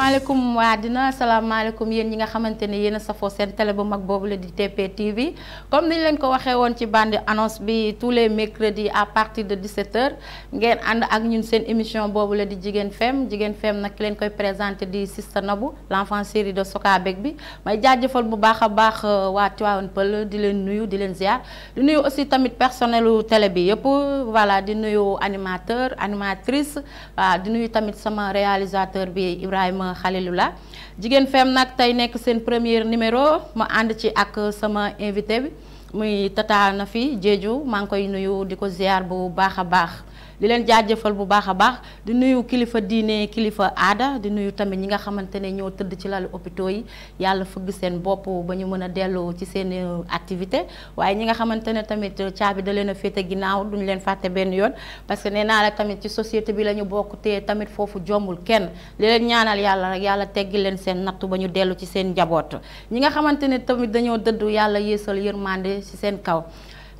asalaamaaleykum waa dina asalaamaaleykum yéen ñi nga xamante ne yéen a safoo seen télé bu mag boobu la di TP TV comme niñ leen ko waxee woon ci bande annonce bi tous les mercredis à partir de 17h ngeen ànd ak ñun seen émission boobu la di Jigéen Femme Jigéen Femme nag ki leen koy présenté di Sista Nabou l'enfant chéri de Sokabek bi may jaajëfal bu baax a baax euh, waa Tivaouane Peulh di leen nuyu di leen ziar di nuyu aussi tamit personnelu tele bi yëpp voilà di nuyu animateur animatrice waaw di nuyu tamit sama réalisateur bi Ibrahima. la Jigéen Femme nag tey nekk seen premier numéro ma ànd ci ak sama invité bi muy Tata fi Diedhiou maa ngi koy nuyu di ko ziar bu baax a baax. di leen jaajëfal bu baax a baax di nuyu kilifa diine kilifa aada di nuyu tamit ñi nga xamante ne ñoo tëdd ci lalu hôpitaux yi yàlla fëgg seen bopp ba ñu mën a dellu ci seen euh, activité waaye ñi nga xamante ne tamit euh, caabi da leen a féete ginnaaw duñu leen fàtte benn yoon parce que nee naa la tamit ci société bi lañu ñu bokk te tamit foofu jombul kenn di leen ñaanal yàlla rek yàlla teggi leen seen nattu ba ñu dellu ci seen njaboot ñi nga xamante ne tamit dañoo dëdd yàlla yéesal yërmande ci seen kaw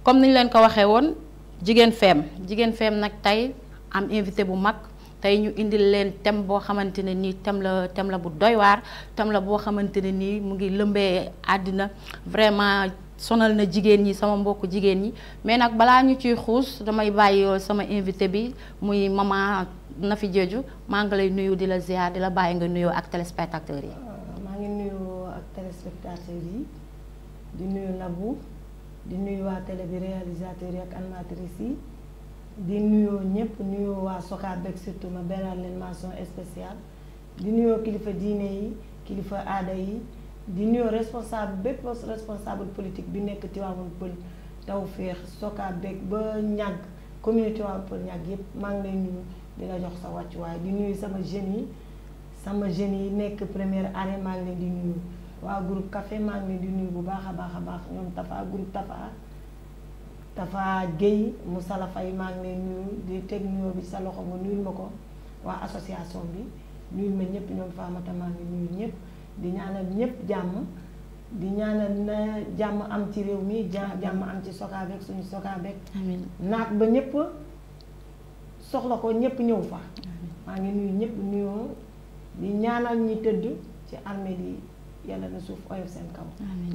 comme ni leen ko waxee woon jigéen feem jigéen feem nag tey am invité bu mag tey ñu indil leen thème boo xamante ne nii thème la thème la bu doywaar waar la boo xamante ne nii mu ngi lëmbee àddina vraiment sonal na jigéen ñi sama mbokk jigéen ñi mais nag balaa ñu ciy xuus damay bàyyi sama invité bi muy maman Nafi Diedhiou maa ngi lay nuyu di la ziar di la bàyyi nga nuyoo ak téléspectateurs yi. maa ngi nuyu ak téléspectateurs yi di nuyu Nabou. di nuyu waa télé bi réalisateur yi ak animatrice yi di nuyoo ñëpp nuyoo waa Soka beeg surtout ma beral leen mention spéciale di nuyoo kilifa diine yi kilifa aada yi di nuyoo responsable bépp responsable politique bi nekk Tivaouane Peulh Tawfekh Soka beeg ba ñàgg commune Tivaouane Peulh ñàgg yëpp maa ngi lay nuyu di la jox sa wàccuwaay di nuyu sama jeunes yi sama jeunes yi nekk première année maa ngi leen di nuyu. waa groupe café maa ngi di nuyu bu baax a baax a baax ñoom Tafa groupe Tafa Tafa Guèye Moussa la Faye maa ngi nuyu di teg nuyoo bi sa loxo nga nuyul ma ko waa association bi nuyul ma ñëpp ñoom Famata maa ngi nuyu ñëpp di ñëpp jàmm di ñaanal jàmm am ci réew mi jàmm ci Socabek suñu Socabek naat ba ñëpp ko ñëpp ñëw fa maa nuyu nuyoo di ñaanal ñi tëdd ci armée yi yàlla na suuf oyof seen kaw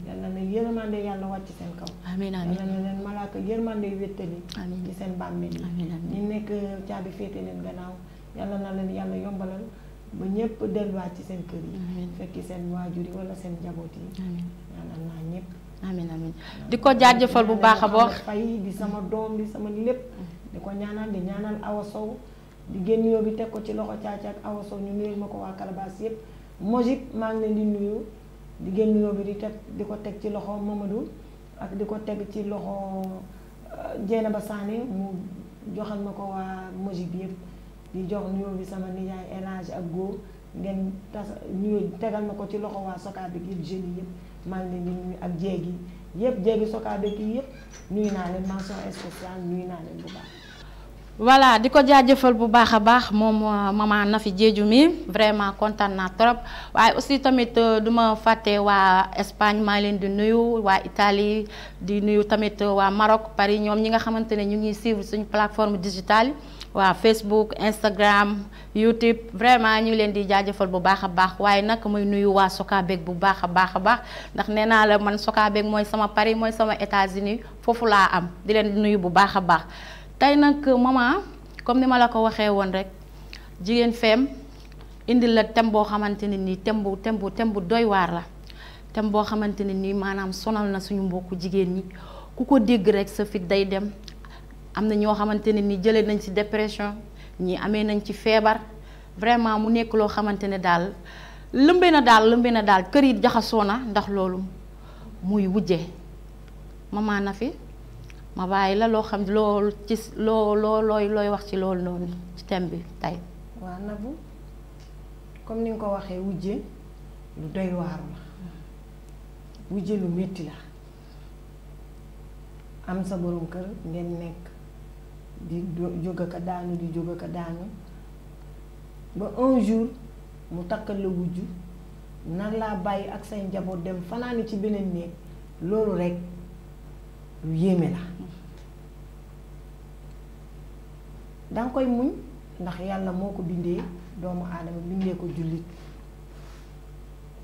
yàlla na yërmande yàlla wàcc seen kaw yàlla na leen malaaka yërmande wéttali ci seen bàmmeel yi ñi nekk caabi féete leen gannaaw yàlla na leen yàlla yombalal ba ñëpp delluwaat ci seen kër yi fekki seen waajur yi wala seen njaboot yi ñaanal naa ñëpp di ko jaajëfal bu baax a baax fay di sama doom di sama lépp mm. di ko ñaanal di ñaanal Awa Sow di génn yoo bi teg ko ci loxo caacaak Awa Sow ñu nuyul ma ko waa Calabas yëpp Mojib maa ngi di génn nuyoo bi di teg di ko teg ci loxo Mamadou ak di ko teg ci loxo euh, Dieynaba Sané mu joxal ma ko waa Mogic bi yëpp di jox nuyoo bi sama nijaay Elage ak góor ngeen tas nuyoo tegal ma ko ci loxo waa Soka bi yëpp jeunes yi yëpp maa leen di nuyu ak jéeg yëpp jéegi Soka bi kii yëpp nuyu naa leen mention spéciale nuyu naa leen bu baax. voilà di ko jaajëfal bu baax a baax moom euh, maman Nafi Diédhiou mi vraiment kontaan na trop waye aussi tamit euh, duma faté wa Espagne ma len di nuyu wa Italie di nuyu tamit euh, wa Maroc Paris ñom ñi nga xamantene ñu ngi suivre suñu plateforme digitale wa Facebook Instagram YouTube vraiment ñu len di jaajeufal bu baakha baax waye nak moy nuyu wa Sokabek bu baakha baakha baax ndax nee la man Sokabek moy sama Paris moy sama États-Unis fofu la am di len nuyu bu baakha baax. tey nag euh, maman comme ni ma la ko waxee woon rek jigéen feem indil la thème boo xamante ne nii thème bu thème bu thème doy waar la thème boo xamante ne nii maanaam sonal na suñu mbokku jigéen ñi ku ko dégg rek sa fit day dem am na ñoo xamante ne nii jëlee nañ ci dépression ñii amee nañ ci feebar vraiment mu nekk loo xamante ne daal lëmbe na daal lëmbe na daal kër yi jaxasoo na ndax loolu muy wujje maman na fi ma bàyyi la loo xam loolu ci loo loo looy wax ci loolu noonu ci thème bi tey. waaw Nabou comme ni nga ko waxee wujje lu doy waaru la wujje lu metti la am sa borom kër ngeen nekk di jóg ak a daanu di jóg ak a daanu ba un jour mu takkal la wujju nar laa bàyyi ak say njaboot dem fanaani ci beneen néeg loolu rek. lu yéeme la danga koy muñ ndax yàlla moo ko bindee doomu aadama bindee ko jullit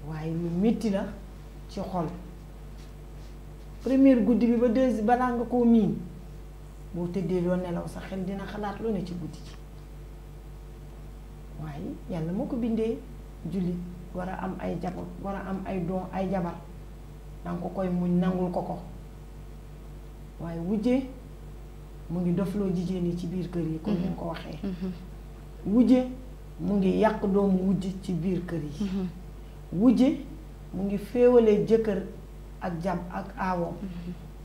waaye lu metti la ci xol première guddi bi ba deuxième balaa nga koo miin boo tëddee doo nelaw sa xel dina xalaat lu ne ci guddi ci waaye yàlla moo ko bindee jullit war a am ay jabar war a am ay doom ay jabar danga ko koy muñ nangul ko ko waaye wujje mu ngi dofloo jigéen yi ci biir kër yi comme ni nga ko mhm. waxee mhm. wujje mu ngi yàq doom wujj ci biir kër yi mhm. wujje mu ngi féewalee jëkkër ak jàmm ak aawam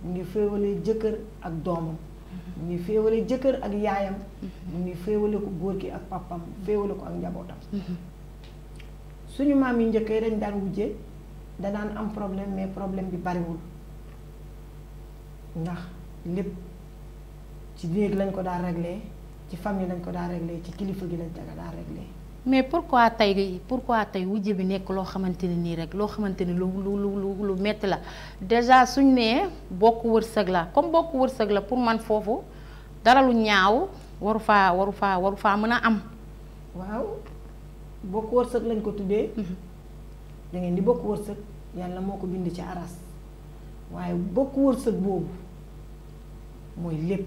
mu ngi féewalee jëkkër ak doomam mu ngi féewale jëkkër ak yaayam mu ngi féewale ko góor gi ak papam féewale ko ak njabootam suñu maam yi njëkkee dañ daan wujje danaan am problème mais problème bi bariwul ndax lépp ci néeg lañ ko daal réglé ci famille lañ ko daal réglé ci kilifa gi lañ ko daa réglé. mais pourquoi tey pourquoi tey wujje bi nekk loo xamante ne nii rek loo xamante ni lu lu lu metti la déjà suñ nee bokk wërsëg la comme bokk wërsëg la pour man foofu dara ñaaw waru faa waru faa mën a am. waaw bokk wërsëg lañ ko tuddee. Mhm. da di bokk wërsëg yàlla moo ko bind ci aras waaye bokk wërsëg boobu. mooy lépp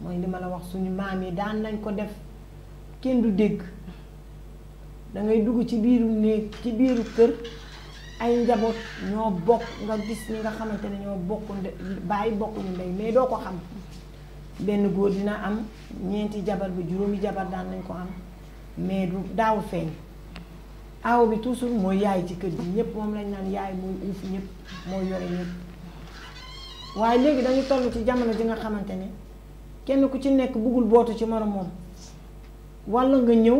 mooy li ma la wax suñu maam yi daan nañ ko def kenn du dégg dangay dugg ci biiru néeg ci biiru kër ay njaboot ñoo bokk nga gis ñi nga xamante ne ñoo bokk bàyyi bokkuñu ndey mais doo ko xam benn góor dina am ñeenti jabar bi juróomi jabar daan nañ ko am mais du daaw feeñ aaw bi toujours mooy yaay ci kër gi ñépp moom lañ naan yaay mooy uuf ñépp mooy yore ñépp waaye léegi dañu toll ci jamono ji nga xamante ni kenn ku ci nekk bëggul bootu ci a moom walla nga ñëw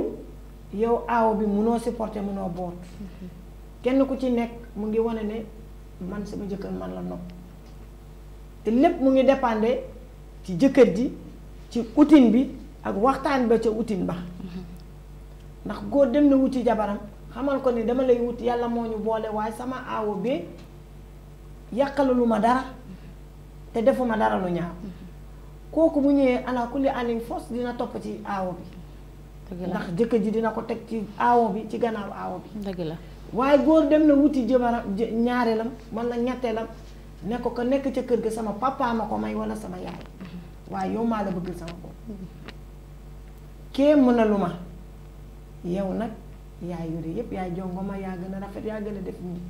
yow aaw bi munoo supporter munoo boot kenn ku ci nekk mu ngi wane ne man sama jëkkër man la nopp te lépp mu ngi dépendre ci jëkkër ji ci outil bi ak waxtaan ba ca outil ba ndax góor dem na wuti jabaram xamal ko ni dama lay wut yàlla moo ñu boole waaye sama aawo bi yàqalu lu ma dara te defuma dara lu ñaaw kooku bu ñëwee ala kulli alin force dina topp ci aawo bi ndax jëkkër ji dina ko teg ci aawo bi ci gannaaw aawo bi dëgg la waaye góor dem na wuti jëbaram ñaareelam wala ñetteelam ne ko ko nekk ca kër gi sama papa ma ko may wala sama yaay waaye yow maa la bëgg sama bopp kee mën lu ma yow nag yaa yore yépp yaay jongoma yaa gën a rafet yaa gën a def nii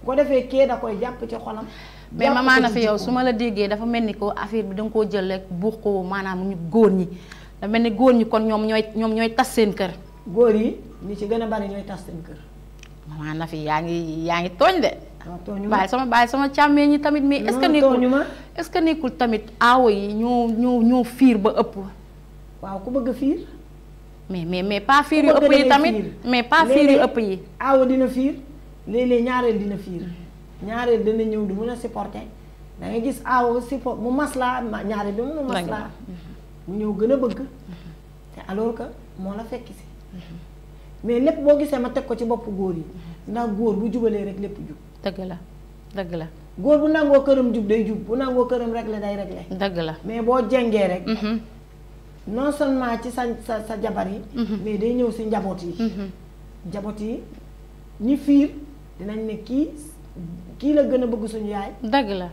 bu ko defee kee da koy jàpp ci xolam mais mama na fi yow suma la déggee dafa melni ko affaire bi dang ko jël rek buux ko manam ñu goor ñi da melni goor ñi kon ñom ñoy ñom ñoy tass seen kër goor yi ni ci gëna bari ñoy tass seen kër mama na fi yaangi yaangi togn ngi tooñ de bàyyi sama baay sama chamé ñi tamit mais est-ce que nekul est-ce que nekul tamit awo yi ñu ñu ñu fiir ba ëpp waaw ku bëgg fiir mais mais mais pas fiir yu ëpp yi tamit mais pas fiir yu ëpp yi awo dina fiir lé lé ñaarël dina fiir ñaareel dana ñëw du mun a supporter da nga gis aawo support mu maslaa ñaareel bi mënu maslaa mhm. mu ñëw gën a bëgg te alors que moo la fekk si mhm. mais lépp boo gisee ma teg ko ci boppu góor yi mhm. ndax góor bu jubalee rek lépp jub dëgg la dëgg la góor bu nangoo këram jub day jub bu nangoo këram rek la day rek la dëgg la mais boo jengee rek non seulement ci sa sa sa jabar yi mais day ñëw si njaboot yi njaboot yi ñi fiir dinañ ne kii kii la gën a bëgg suñu yaay. dëgg la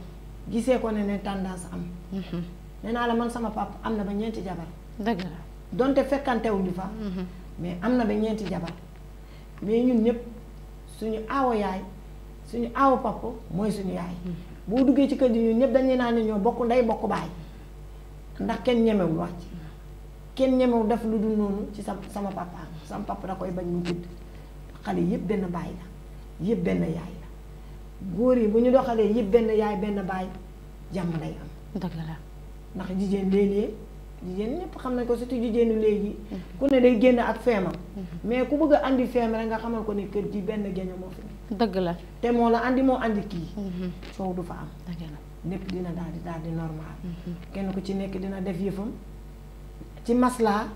gisee ko ne ne tendance am. Mhm. nee naa la man sama pap am na ba ñeenti jabar. dëgg la donte fekkantewuñu fa. Mhm. am na ba ñeenti jabar mais ñun ñëpp suñu aawo yaay suñu aawo papa mooy suñu mhm. boo duggee ci kër gi ñun ñëpp naan ñoo bokk ndey bokk baay ndax kenn ñemewul wàcc kenn ñemewul def lu dul noonu ci sa sama papa sama papa da koy bañ mu gudd xale yëpp benn baay la yëpp benn yaay. góor yi bu ñu doxalee yëpp benn yaay benn baay jàmm day am. dëgg la ndax jigéen léeg-léeg jigéen ñëpp xam nañ ko surtout jigéenu léegi. Mhm. ku ne day génn ak feemam. mais ku bëgg a andi feem rek nga xamal ko ne kër ji benn génn moo fi. dëgg la te moo la andi moo andi kii. soow mhm. du fa am. dëgg la dina daal di daal di normal. Mhm. kenn ku ci nekk dina def yëfam ci maslaa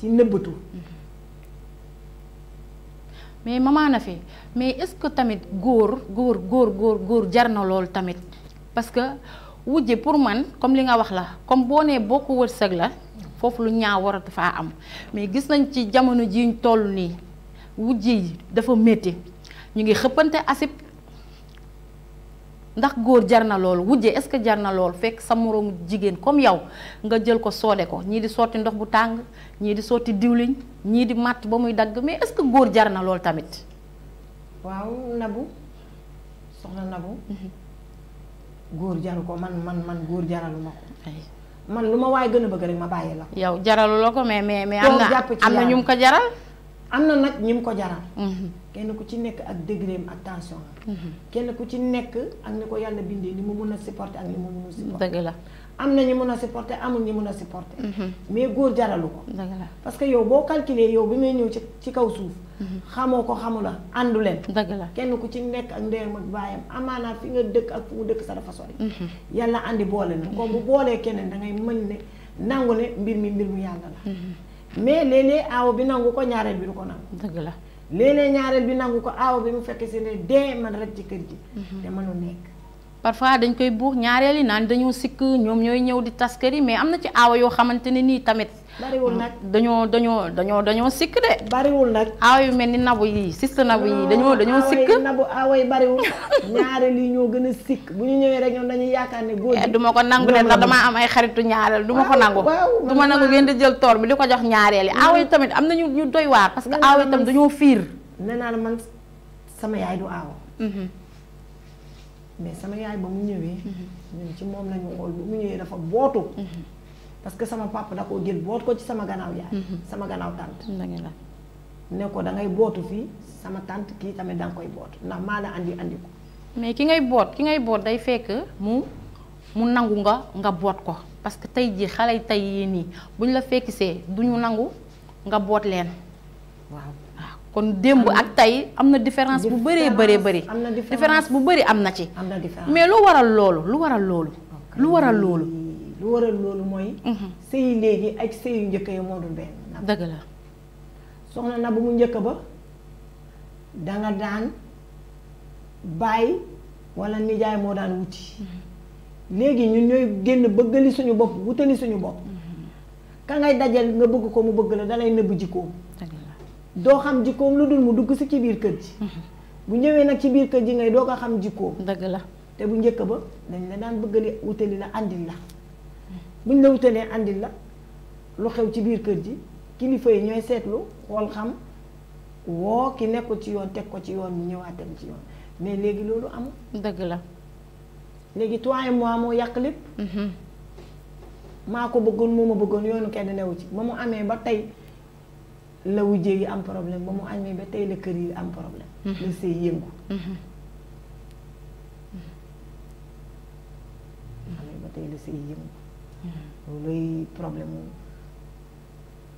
ci nëbbatu. mais maman na fi mais est-ce que tamit góor góor góor góor góor jar na loolu tamit parce que wujje pour man comme li nga wax la comme boo nee bokk wërsëg la foofu lu ñaaw war a faa am mais gis nañ ci jamono jiñ toll nii wujje yi dafa métti ñu ngi xëppante asib ndax góor jar na loolu wujje est-ce que jar na loolu fekk sa moroomu jigéen comme yow nga jël ko soode ko ñii di sotti ndox bu tàng ñii di sotti diwliñ ñii di màtt ba muy dagg mais est que góor jar na lool tamit waaw nabu soxna nabu mhm. góor jaru ko man man man góor jaraluma ko man lu ma waaye gën a bëgg rek ma bàyyi la yow jaralu la ko mais mais mais am na am na ñu ko jaral am na nag ñi mu ko jaral. Mhm. kenn ku ci nekk ak dégréem ak tension am. Mhm. kenn ku ci nekk ak ni ko yàlla bindee li mu mun a supporter ak ni mu mun a supporter. la am na ñi mun a supporter amul ñi mun a supporter. Mhm. mais góor jaralu ko. dëgg parce que yow boo calculer yow bi may ñëw ci ci kaw suuf. xamoo ko xamula àndu leen. dëgg la kenn ku ci nekk ak ndeyam ak baayam amaanaa fi nga dëkk ak fu mu dëkk sa dafa sori. yàlla àndi boole na. kon bu boolee keneen da ngay ne nangu ne mbir mi mbir mu yàlla la. mais léeg-léeg aaw bi nangu ko ñaareel bi du ko nangu. dëgg la léeg-léeg ñaareel bi nangu ko aaw bi mu fekk si ne dee man ci kër gi. Mhm. te mënu nekk. parfois dañ koy buux ñaareel yi naan dañoo sikk ñoom ñooy ñëw di taskari mais am na ci aawa yoo xamante ne nii tamit. bariwul nag dañoo dañoo dañoo dañoo sikk de. bariwul nag aawa yu mel ni nabu yi sist nabu yi dañoo dañoo sikk nabu aawa yi bariwul ñaareel yi ñoo gën a sikk ñu ñëwee rek ñoom dañuy ma ko nangu de ndax damaa am ay xaritu ñaareel du ma ko nangu du ma nangu ngeen di jël tool bi di ko jox ñaareel yi aawa yi tamit am nañu ñu doy waar parce que aawa yi tamit dañoo fiir nee naa man sama yaay du mais sama yaay ba mu ñëwee. Mhm. ñun ci moom lañu xool bu mu ñëwee dafa bootu. Mhm. parce que sama papa da koo jël boot ko ci sama gannaaw yaay. Mhm. sama gannaaw tante. ne ko da ngay bootu fii sama tànt kii tamit da koy boot ndax maa la andi andi ko. mais ki ngay boot ki ngay boot day fekk mu mu nangu nga nga boot ko parce que tey jii xale yi tey yii nii bu ñu la fekkisee du ñu nangu nga boot leen. waaw kon démb ak tey am na différence bu bëree bëree bëri différence bu bëri am na ci mais lu waral loolu lu waral loolu lu waral loolu lu waral loolu mooy mhm. sëy léegi ak sëy yu njëkk yi moo dul benn dëgg la soxna na bu mu njëkk ba danga daan bàyyi walla nijaay moo daan wuti mhm. léegi ñu ñooy génn bëggali suñu bopp wutali suñu bopp mhm. ka ngay dajal nga bëgg ko mu bëgg la dalay nëbb jikkoom doo xam jikkoom lu dul mu dugg si ci biir kër ji mm-hmm. bu ñëwee nag ci biir kër ji ngay doo ko xam jikkoom dëgg la te bu njëkk ba dañ la daan bëggale wutali la andil la mm-hmm. buñ la wutalee andil la lu xew ci biir kër ji kilifa yi ñooy seetlu xool xam woo ki nekkul ci yoon teg ko ci yoon mu ñëwaatam ci yoon mais léegi loolu amul dëgg la léegi toi et moo yàq lépp mm-hmm. maa ko bëggoon moo ma bëggoon yoonu kenn newu ci ba mu amee ba tey la wujjee yi am problème ba mu amee ba tey la kër yi am problème. Mm-hmm. la sey yëngu. Mm-hmm. Mm-hmm. amee ba tey la sëy yëngu. looluy problème mu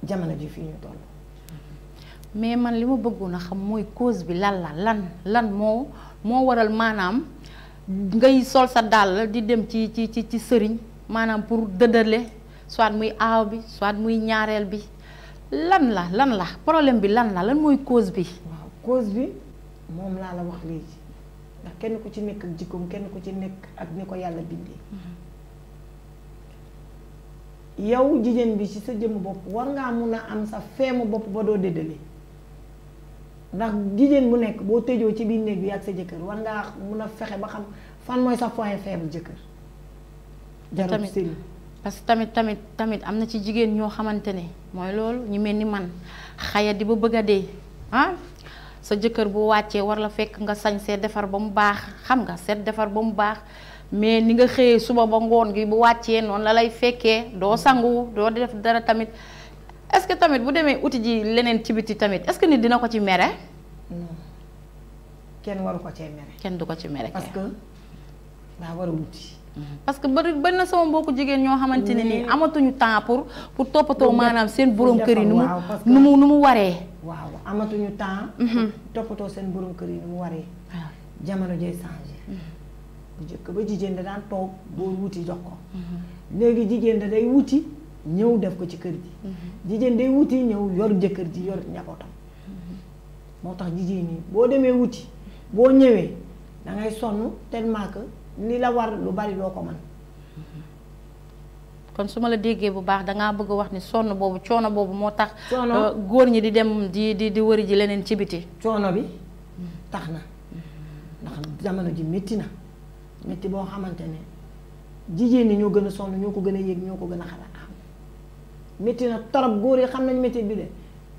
jamono ji fii ñu toll. mais man li ma bëggoon a xam mooy cause bi lan lan lan moo moo waral manam ngay sol sa dàll di dem ci ci ci ci sëriñ maanaam pour dëdale soit muy aaw bi soit muy ñaareel bi. lan la lan la problème bi lan la lan mooy cause bi. waaw cause bi moom laa la wax léegi ndax kenn ku ci nekk ak jikkoom kenn ku ci nekk ak ni ko yàlla bindee. Mhm. yow jigéen bi ci sa jëmm bopp war ngaa mun a am sa feemu bopp ba doo déddale ndax jigéen bu nekk boo tëjoo ci biir néeg bi ak sa jëkkër war ngaa mun a fexe ba xam fan mooy sa point faible jëkkër. jarul sëriñ parce que tamit tamit tamit amna ci jigen ño xamantene moy lolou ñu melni man xaya di bu bëgga dé dee ah sa jëkkër bu waccé war la fekk nga sé défar ba mu baax xam nga sét défar ba mu baax mais ni nga xëyee suba ba ngon gi bu waccé non la lay fekkee do sangu do def dara tamit est ce que tamit bu démé outil ji leneen ci biti tamit est ce que nit dina ko ci non kenn waru ko ci méré ken du ko ci méré parce que daa waru outil parce que bari bari na sama mbokku jigéen ñoo xamante ne nii amatuñu temps pour pour toppatoo maanaam seen borom kër yi nu mu nu mu nu mu waree. waaw amatuñu temps. Mhm. toppatoo seen borom kër yi nu mu waree. jamono jay changé. Mhm. ba jigéen da daan toog boo wuti jox ko. Mhm. léegi jigéen da day wuti ñëw def ko ci kër ji. jigéen day wuti ñëw yor jëkkër ji yor njabootam. moo tax jigéen ñi boo demee wuti boo ñëwee dangay sonn tellement que. li la war lu bari doo ko man kon su ma la déggee bu baax dangaa bëgg wax ni sonn boobu coono boobu moo tax euh, góor ñi di dem di di di wëri ji leneen ci biti coono bi tax na ndax jamono ji métti na métti boo xamante ne jigéen ñi ñoo gën a sonn ñoo ko gën a yéeg ñoo ko gën a xalaat am métti na torop góor yi xam nañ métti bi de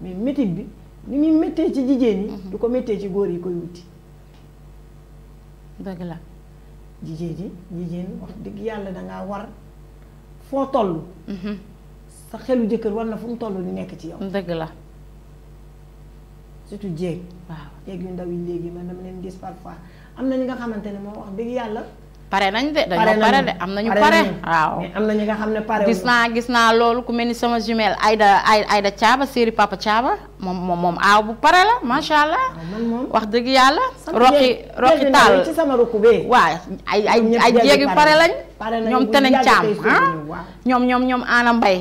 mais métti bi ni muy méttee ci jigéen yi mhm. du ko méttee ci góor yi koy wuti dëgg la jigéen ji jigéen wax dëgg yàlla dangaa war foo toll. Mhm. sa xelu jëkkër war na fu mu toll ni nekk ci yow. dëgg la. surtout jéeg. waaw jéeg yu ndaw yi léegi man dama leen gis parfois am na ñi nga xamante ne moom wax dëgg yàlla. paré nañ de dañoo paré dé am nañu paré waaw am nañu nga xamné paré pare gis gisna gis naa ku melni sama jumelle ayda ayda tiaba séeri papa tiaba Mom mom mom. aw bu pare la sha allah wax deug yalla roki roki tal ci sama rukku bi waaw ay ay ay jéegi pare lañ ñom tenañ caam ah ñom ñom ñoom aana mbay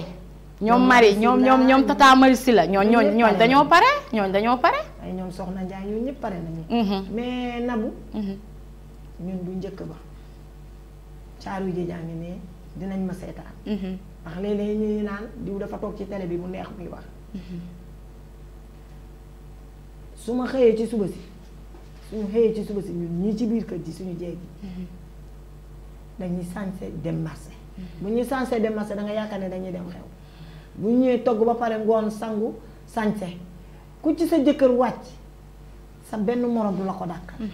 mari ñom ñom ñom tata mari sila ñoo ñoo ñoo dañoo paré ñoo dañoo paré ay ñom soxna jaay ñu ñep paré nañu mm-hmm. mais nabu mm-hmm. ñun bu ñëk ba caaru je jangi ne dinañ ma hmm ndax léeg-léeg ñuy naan diw dafa tok ci télé bi mu neex muy wax. hmm suma xëyee ci suba si suñu xëyee ci suba si ñun ñi ci biir kër ci suñu jeeg yi mm-hmm. dañuy sansé dem marché. Mm-hmm. bu ñuy sansé dem marché da nga yaaka ne dañuy dem xew bu ñu togg ba paré ngon sangu sansé ku ci sa jëkkër wacc sa benn morom du la ko hmm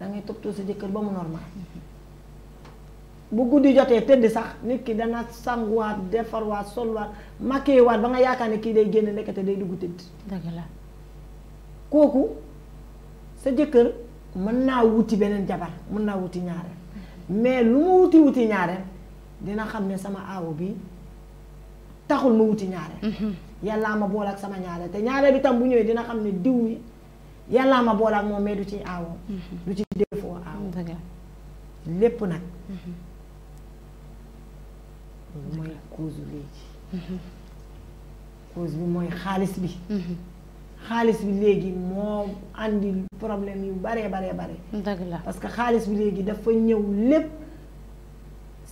da ngay toppatoo sa jëkkër ba mu normal. Mm-hmm. bu guddi jotee tëdd sax nit ki dana sanguwaat defarwaat solwaat makkeewaat ba nga yaakaar ne kii day génn ndekete day dugg tëdd dëgg kooku sa jëkkër mën naa wuti beneen jabar mën naa wuti ñaareel mais lu mu wuti wuti ñaareel dina xam ne sama aawo bi taxul mu wuti ñaareel mhm. yàllaa ma bool ak sama ñaareel te ñaareel bi tam bu ñëwee dina xam ne diw yi yàllaa ma bool ak moom mais du ci aawo mhm. du ci defoo aawo lépp nag mhm. mooy cause léegi mm-hmm. cause bi mooy xaalis bi mm-hmm. xaalis bi léegi moo àndi problème yu baree baree bare dëgg la parce que xaalis bi léegi dafa ñëw lépp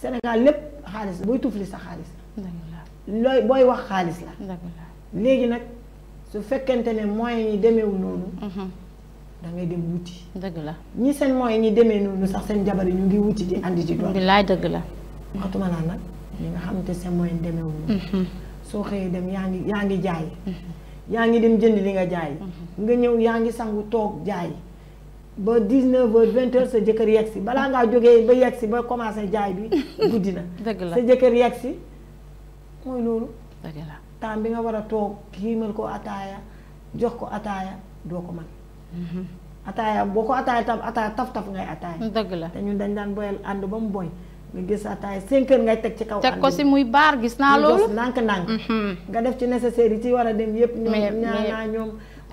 senegal lépp xaalis la booy tufli sa xaalis la looy booy wax xaalis la léegi nag su fekkente ne moyens yi demeewul noonu mm-hmm. da ngay dem wuti dëgg la ñi seen moyens ñi demee noonu sax seen jabar yi ñu ngi wuti di andi ci doom laay dëgg la waxtuma laa nag li nga xamante sa moyen demeewul mhm. soo xëyee dem yaa ngi yaa ngi jaay mhm. yaa ngi dem jënd li nga jaay mhm. nga ñëw yaa ngi sangu toog jaay ba 19 heures sa jëkkër si balaa ngaa jógee ba si ba commencé jaay bi guddi na sa jëkkër si mooy loolu temps bi nga war a toog kiimal ko ataaya jox ko ataaya doo ko mën ataaya boo ko ataaya tam ataaya taf taf ngay ataaya dëgg la te ñun dañ daan boyal ànd ba mu boy nga gis ataay 5 heures ngay teg ci kaw teg ko muy gis naa loolu ndànk ndànk mhm. nga def ci ci dem yep ñoom ñaanaa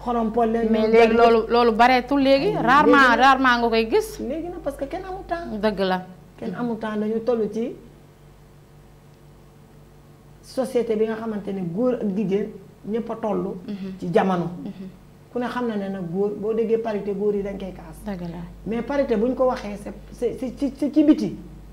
xorom pol leen mais léegi loolu loolu bareetul léegi rarement rarement nga koy gis léegi na parce que kenn amul temps dëgg la kenn amul temps dañu toll ci société bi nga xamante ne góor ak jigéen ñëpp a mhm. ci jamono mhm. ku ne xam na ne nag góor parité goor yi dañ koy kaas la mais parité buñ ko waxé c'est c'est ci ci biti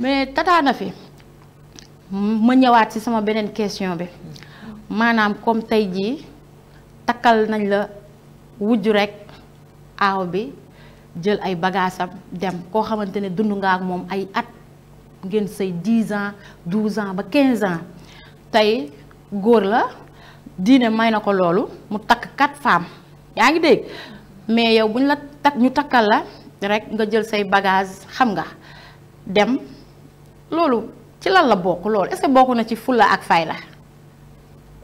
mais Tata fi ma ñëwaat ci sama beneen question bi maanaam comme tey jii takkal nañ la wujj rek aaw bi jël ay bagaasam dem koo xamante ne dund nga ak moom ay at ngeen say 10 ans 12 ans ba quinze ans tey góor la diine may na ko loolu mu takk quatre femmes yaa ngi dégg mais yow bu ñu la takk ñu takkal la rek nga jël say bagages xam nga dem. loolu ci lan la bokk loolu est-ce na ci fulla ak fay la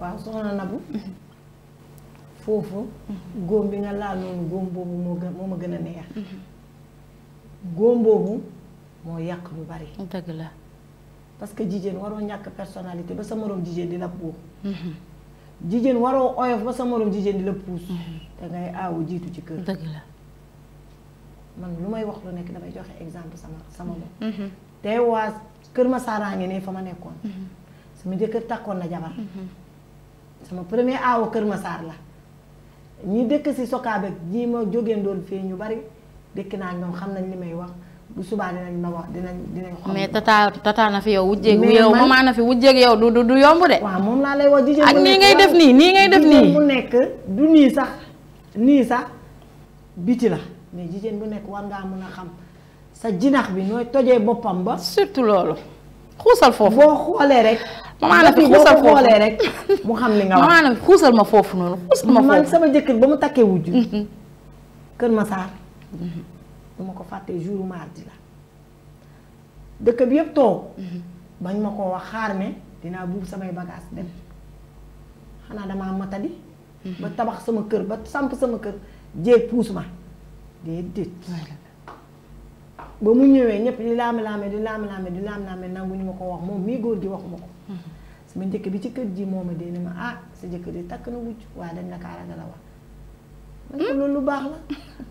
waaw soo na Nabou. Mm-hmm. foofu. Mm-hmm. góom bi nga laal noonu góom boobu moo gën moo ma gën a neex. Mm-hmm. góom boobu moo yàq bu bari. dëgg la. parce que jigéen waroo ñàkk personnalité ba sa moroom jigéen di la puus. jigéen waroo oyof ba sa moroom jigéen di la puus. da aawu jiitu ci kër. dëgg la. man lu may wax lu nekk damay joxe exemple sama sama bopp. te waa Kër Masara ngi nii fa ma nekkoon. Mhm. sama jëkkër takkoon na jabar. Mhm. sama premier aawo Kër Masar la. ñi dëkk si Sokaabe ñi ma jógee doon fii ñu bari dëkk naa ñoom xam nañ li may wax bu subaa dinañ na wax dinañ dinañ. xam mais tata tata na fi yow wujjeeg yow maman na fi wujjeeg yow du du yomb de. waaw moom laa lay wax jigéen def nii nii ngay def nii bu nekk du nii sax nii sax biti la mais jigéen bu nekk war ngaa mën a xam. sa jinax bi noy toje bopam ba. surtout lolu xuusal fofu bo xolé rek. manam fi xuusal fofu xolé rek mu xam li nga wax. manam la ma fofu non ma fofu man sama jëkkër ba mu wujju keur ma sar du ma ko faté jour mardi la. dëkk bi yëpp to mm-hmm. bañ ma wax xaar né dina buub samay bagage dem. dama mata di mm-hmm. ba tabax sama keur ba samp sama keur ma déedéet ba mu ñëwé ñëpp di laam laame di laam laame di laam laame nanguñu ma ko wax mom mi goor gi waxuma ko mm-hmm. sama njëkk bi ci kër ji moma ma dee ma ah sa jëkkër di tak na wucc wa dañ la kaara la wax man ko mm-hmm. lu lu bax la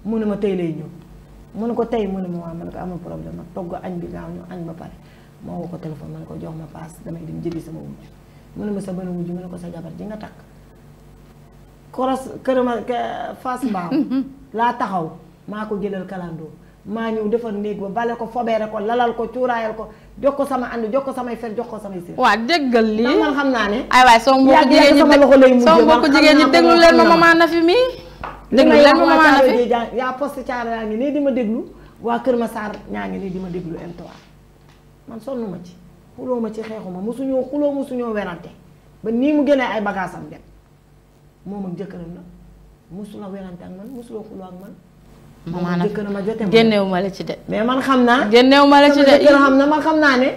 mu ne ma tay lay ñëw mu ne ko tay mu ne ma wa man ko amul problème nak togg añ bi gaaw ñu añ ba pare mo woko téléphone man ko jox ma passe damay dem jëli sama wujj mu ne ma sa bëna wujj mu ne ko sa jabar di nga koras koros kërama fas baaw mm-hmm. la taxaw mako jëlal kalandoo maa ñëw defar néeg ba bale ko fobeere ko lalal ko cuuraayal ko jox ko sama ànd jox ko samay fer jox ko samay séer. waaw déggal li ndax xam naa ne. ay waay soo mbokku jigéen ñi sama loxo lay mujjee soo mbokku jigéen ñi déglu leen ma maman Nafi mi. déglu leen ma maman Nafi yaa poste caara yaa ma déglu waa Kër Massar ñaa ngi nii di déglu M3 man sonn ma ci xuloo ma ci xeexu ma mosuñoo xuloo mosuñoo werante ba nii mu génnee ay bagaasam dem moom ak jëkkëram la mosuloo werante ak man mosuloo xuloo ak man maanaam jëkkër ma jote ma génneewu ma la ci de. mais man xam naa. génneewu ma la ci de sama jëkkër xam na man xam naa ne.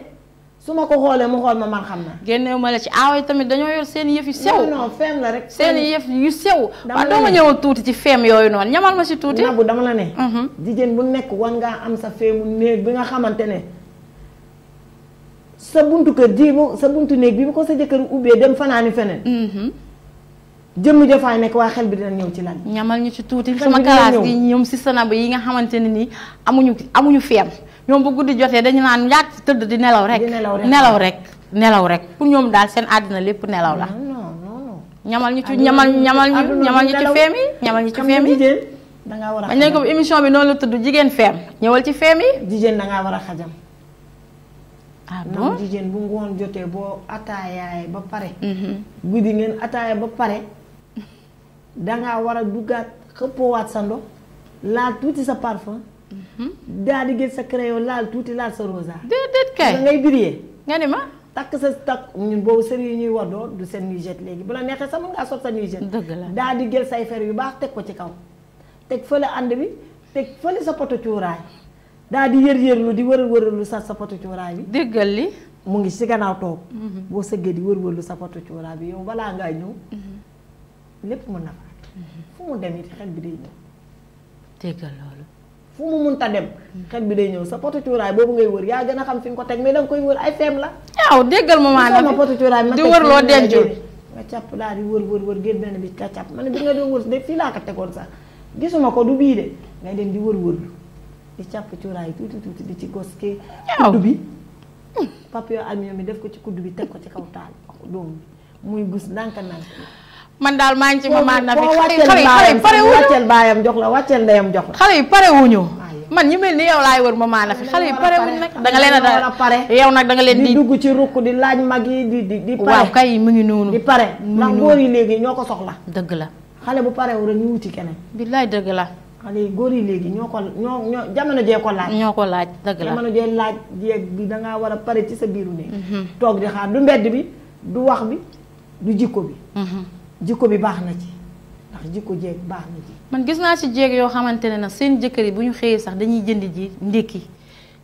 su ma ko xoolee mu xool ma man xam naa. génneewu ma la ci aawa ah tamit dañoo yor seen yëf yu sew. non non feem la rek. seen yëf yu sew. dama la ne waaw doo ma ñëwal tuuti ci feem yooyu noonu ñamal ma si tuuti. nabu dama la ne. Mhm. jigéen bu nekk war ngaa am sa feemu néeg bi nga xamante ne sa buntu kër ji sa buntu néeg bi bu ko sa jëkkër ubbee dem fanaani feneen. Mhm. jëmm jafaay nekk waaye xel bi dina ñëw ci lan. ñamal ñu ci tuuti sama classe gi ñoom si sanaba yi nga xamante ne nii amuñu amuñu feem ñoom bu guddi jotee dañu naan yaat tëdd di nelaw rek. nelaw rek nelaw rek pour ñoom daal seen àddina lépp nelaw la. ñamal ñu ci ñamal ñamal ñu ñamal ñu ci feem yi ñamal ñu ci feem yi. da ngaa war a xajam émission bi noonu la tëdd jigéen feem ñëwal ci feem yi. jigéen da war a xajam. ah bon jigéen bu ngoon jotee boo ataayaay ba pare. Mhm. guddi ngeen ataaya ba pare dangaa war a duggaat xëppoowaat sa ndox laal tuuti sa parfum mhm. daa di gën sa crayon laal tuuti laal sa rosa déedéet kay da ngay biriyee nga ni ma takk sa takk ñun boobu sër yi ñuy waddoo du seen nuisette léegi bu la neexee sax mën ngaa sob sa nuisette daa di jël say fer yu baax teg ko ci kaw teg fële ànd bi teg fële sa poto cuuraay daa di yër yërlu di wër wërlu sa sa poto cuuraay bi déggal li mu ngi ci gannaaw toog mhm. boo sëggee di wër wërlu sa poto cuuraay bi yow balaa ñëw mhm. lépp mën fu mu dem it xel bi day ñëw. déggal loolu. fu mu ta dem. xel bi day ñëw sa potu cuuraay boobu ngay wër yaa gën a xam fi nga ko teg mais danga koy wër ay feem la. waaw déggal ma maanaam sama potu ma teg di wër loo dencul. nga càpp daal di wër wër wër génn benn bi nga càpp ma ne bi nga doon wër de fii laa ko sax gisuma ko du bii de ngay di wër wër di càpp cuuraay tuuti tuuti di ci gos kii. bi. Hmm. papier aluminium bi def ko ci kuddu bi teg ko ci kaw taal doomu bi muy gus ndànk-ndànk man daal maa ngi ci maman Nafi xale yi pare wuñu wàcceel baayam jox la wàcceel ndeyam jox la xale yi man ñu mel ni yow laay ma maman Nafi xale yi pare wuñu nag da nga leen a pare yow nag da nga leen di dugg ci rukk di laaj mag yi di di di mu ngi noonu di pare ndax góor yi léegi ñoo ko soxla dëgg la xale bu pare wul ñu wuti keneen billaay dëgg la xale yi góor yi léegi ñoo ko ñoo ñoo jamono jee ko laaj ñoo ko laaj dëgg la jamono jee laaj yéeg bi dangaa war a pare ci sa biiru ne mhm. toog di xaar du mbedd bi du wax bi du jikko bi mhm. jikko bi baax na ci ndax baax man gis naa ci jéeg yoo xamante ne na seen jëkkër yi bu ñu xëyee sax dañuy jënd ji ndékki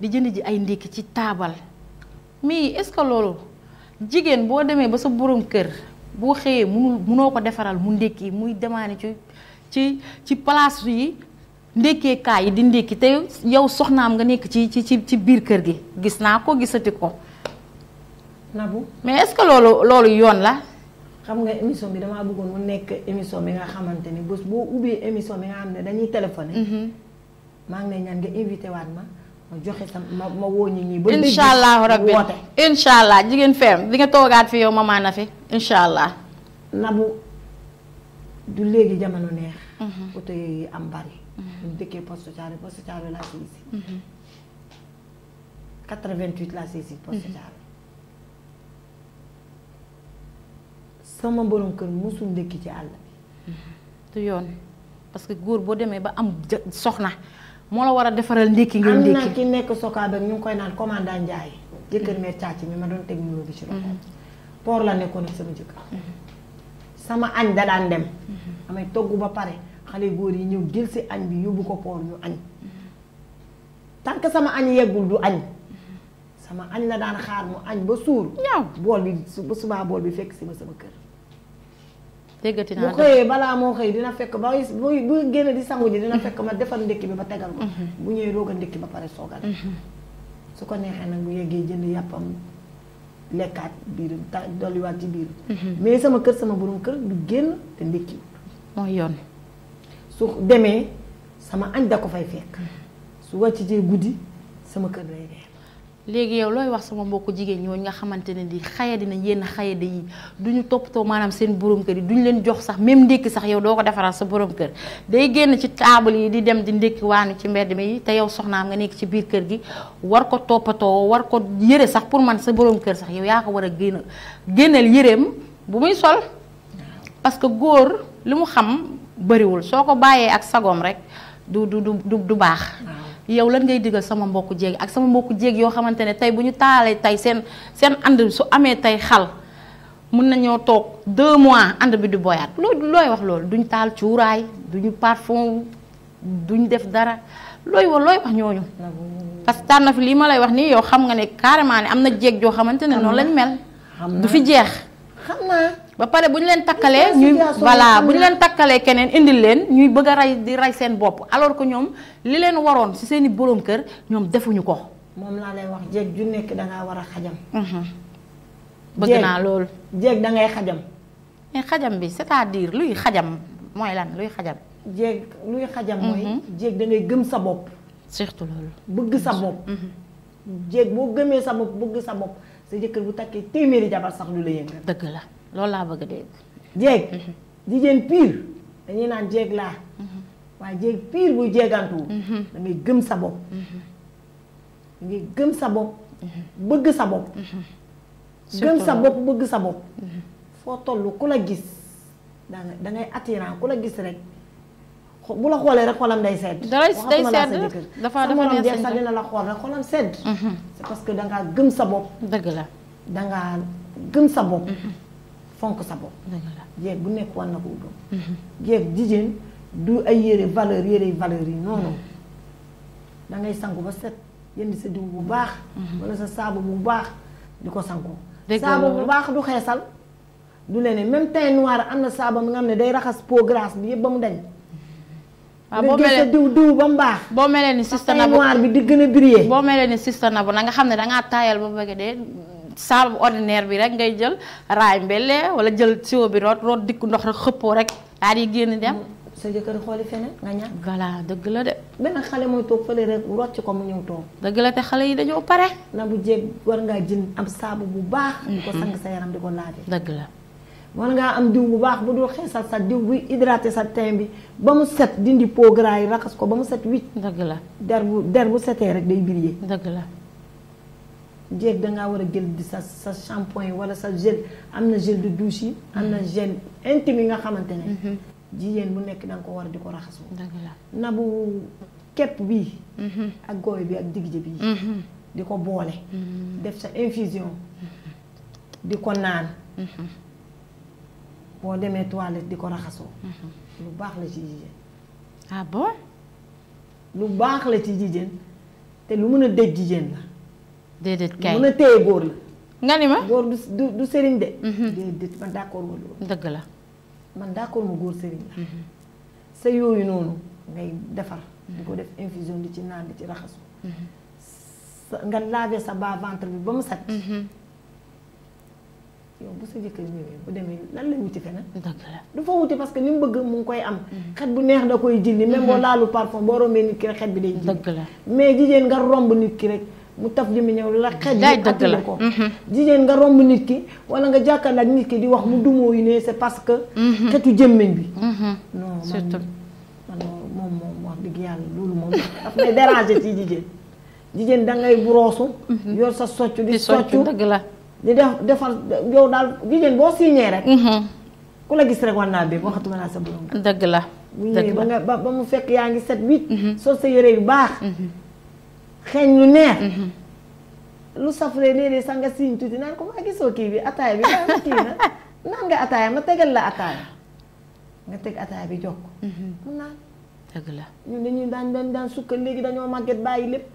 di jënd ji ay ndékki ci taabal mais est-ce que loolu jigéen boo demee ba sa borom kër boo xëyee munul munoo ko defaral mu ndékki muy demaane ci ci ci place yi ndékkeekaay yi di ndékki te yow soxnaam nga nekk ci ci ci biir kër gi gis naa ko gisati ko. nabu loolu loolu yoon la. xam nga émission bi damaa bëggoon mu nekk émission bi nga xamante ni bés boo ubbee émission bi nga xam ne dañuy téléphoné. Mm-hmm. maa ngi lay ñaan nga invité waat ma ma joxe tam ma ma woo ñi ñi. ba léegi incha allah rabbi incha allah jigéen feem di nga toogaat fi yow maman na fi incha allah. nabu du léegi jamono neex. Mm-hmm. oto yooyu am bari. Mm-hmm. ñu dëkkee poste Thiaroye poste Thiaroye laa siy si. 88 laa siy si poste sama borom keur musul ndek ci Allah bi mm-hmm. du yoon parce que bo ba am soxna mo la wara a ndek ngi ndek amna na ki nek sokaab ak ñu koy naan commandant ndjay jëkkeur mère càcc mi ma doon tek ñu ci mm-hmm. por la nekkone sama jëkkër mm-hmm. sama añ da daan dem amay toggu ba pare xalé góor yi ñëw gël ci añ bi yóbbu ko por ñu añ tank sama añ yegul du añ sama añ la daan xaar mu añ ba suur ñaaw bool bi ba subaa bool bi fekk ci sama kër déggati naa bu xëyee balaa moo xëy dina fekk ba bu bu di sangu ji dina fekk ma defar ndékki bi ba tegal ko mhm. bu ñëwee doog a ba pare soogal mhm. su ko neexee nag bu yeggee jënd biru, lekkaat biir ta dolliwaat ci biir mhm. mais sama kër sama borom kër du génn te ndékki yoon su sama andi da ko fay fekk su wàcc jee guddi sama kër léegi yow looy wax sama mbokku jigéen ñooñu nga xamante ne di xaya dina yenn xaya da yi duñu toppatoo maanaam seen borom kër yi duñu leen jox sax même ndékki sax yow doo ko defaral sa borom kër day génn ci taabal yi di dem di ndékki waanu ci mbedd mi yi te yow soxnaam nga nekk ci biir kër gi war ko toppatoo war ko yére sax pour man sa borom kër sax yow yaa ko war a génn génneel yëreem bu muy sol parce que góor li mu xam bëriwul soo ko bàyyee ak sagoom rek du du baax ah. yow lan ngay digal sama mbokku jéeg ak sama mbokku jéeg yoo xamante ne tey bu ñu taalee tey seen seen ànd su amee tey xal mun na nañoo toog deux mois ànd bi du boyaat loolu looy wax loolu duñ taal cuuraay duñu parfum duñu def dara looy wax looy wax ñooñu. parce que tànn fi lii ma lay wax nii yow xam nga ne carrément ne am na jéeg joo xamante ne noonu lañ mel. du fi jeex ba pare buñ ñu leen takkalee ñuy voilà buñ ñu leen takkalee keneen indil leen ñuy bëgg ray di ray seen bop alors que ñom li leen waroon si seeni borom kër ñom defuñu ko. Mom la lay wax jégg ju nekk da nga wara xajam hmm bëgg na lool jégg da ngay xajam. mais xajam bi c'est-à-dire luy xajam moy lan luy xajam. jégg luy xajam moy. Mhm. jégg da ngay gëm sa bop surtout lool bëgg sa hmm mhm. jégg bo gëmé sa bop bëgg sa bop sa jëkkeur bu takkee téméré jabar sax lu la yëngal. deug la lola laa bëgg a dégg. jeeg mhm. jigéen pire dañuy naan jeeg la mhm. wa jeeg pire bu jeegantuwul mhm. da ngay gëm sa bop ngay gëm sa bop bëgg sa bop gëm sa bop bëgg sa bop fo tollu ku la gis da ngay attirant ku la gis rek bu la xolé rek xolam day sedd day sedd dafa dafa morom jeeg sax dina la xol rek xolam sedd c'est parce que nga gëm sa bop dëgg la nga gëm sa bop fonk sa jeeg bu nekk war na koo gëm. Mhm. jeeg jigéen du ay yére valeur yére valeur yi non dangay mhm. da sangu ba set yëndi sa diw bu baax. Mhm. wala sa saabu bu baax di ko sangoo. saabu bu baax du xeesal. du leneen même teint noir am na saabu mi nga xam ne day raxas peau grasse bi yëpp ba mu dañ. waaw ah, boo mel sa diw diw ba baax. boo mel ni sista Nabou teint noir bi di gën a briller. boo mel ni sista Nabou na nga xam ne da ngaa taayal ba bëgg dee. saal ordinaire bi rek ngay jël raay mbelle wala jël siwo bi root root dikk ndox rek xëppoo rek daal di génn dem. sa jëkkër xooli feneen nga ñàkk. voilà dëgg la de. benn xale mooy toog fële rek rocc ko mu ñëw toog. dëgg la te xale yi dañoo pare. na bu jéeg war ngaa jënd am saabu bu baax. di ko sang sa yaram di ko laaj. dëgg la. war ngaa am diw bu baax bu dul xeesal sa diw buy hydraté sa teint bi ba mu set dindi peau yi raxas ko ba mu set wicc. dëgg la der bu der bu setee rek day briller. dëgg la. jeeg dangaa war a jël di sa sa shampoing wala sa gel am na gel de douche yi am na mm-hmm. gel intime yi nga xamante ne mm-hmm. jigéen bu nekk danga ko war a di ko raxasoo nabu kepp bii mm-hmm. ak gooy bi ak digije bii di ko boole def sa infusion di ko naan boo demee toilette di ko raxasoo lu baax la ci jigéen ah lu baax la ci jigéen te lu mën a dëj jigéen la déedéet kay a téye góor la. nga ni ma góor du du de. Mhm. déedéet man d'accord ma loolu. dëgg la man d'accord ma góor sëriñ la. Mhm. sa yooyu noonu ngay defar. di ko mhm. def infusion di ci naan di ci raxasu. nga laver sa bas ventre bi ba mu set. yow bu sa jëkkër ñëwee bu demee lan lay wuti feneen. dëgg la du fa wuti parce ni mu bëgg mu ngi koy am. xet bu neex da koy jilli même boo laalu parfum boo rombee nit ki rek xet bi day jilli. mais jigéen nga romb nit ki rek. mu taf li mu ñëw la xet yi attali ko mhm. jigéen nga romb nit ki wala nga jàkkaarloo ak nit ki di wax mu dumoo yi ne c'est parce que mhm. xetu jëmmiñ bi mhm. non surtout man moom moom wax dëgg loolu moom daf may déranger ci jigéen jigéen da buroosu yor sa soccu di soccu dëgg la di def defar yow daal jigéen boo signé rek ku la gis rek war naa bépp sa borom la bu ñëwee ba mu fekk yaa ngi set wicc sol sa yére yu baax xeeñ lu neex. Mhm. lu safuree léeg-léeg sax nga siiñ tuuti naan ko waa gisoo kii bi ataaya bi naan kii na naan nga ataaya ma tegal la ataaya nga teg ataaya bi jokk. Mhm. mun naan. dëgg la ñun dañuy daan daan daan sukkal léegi dañoo màgget bàyyi lépp.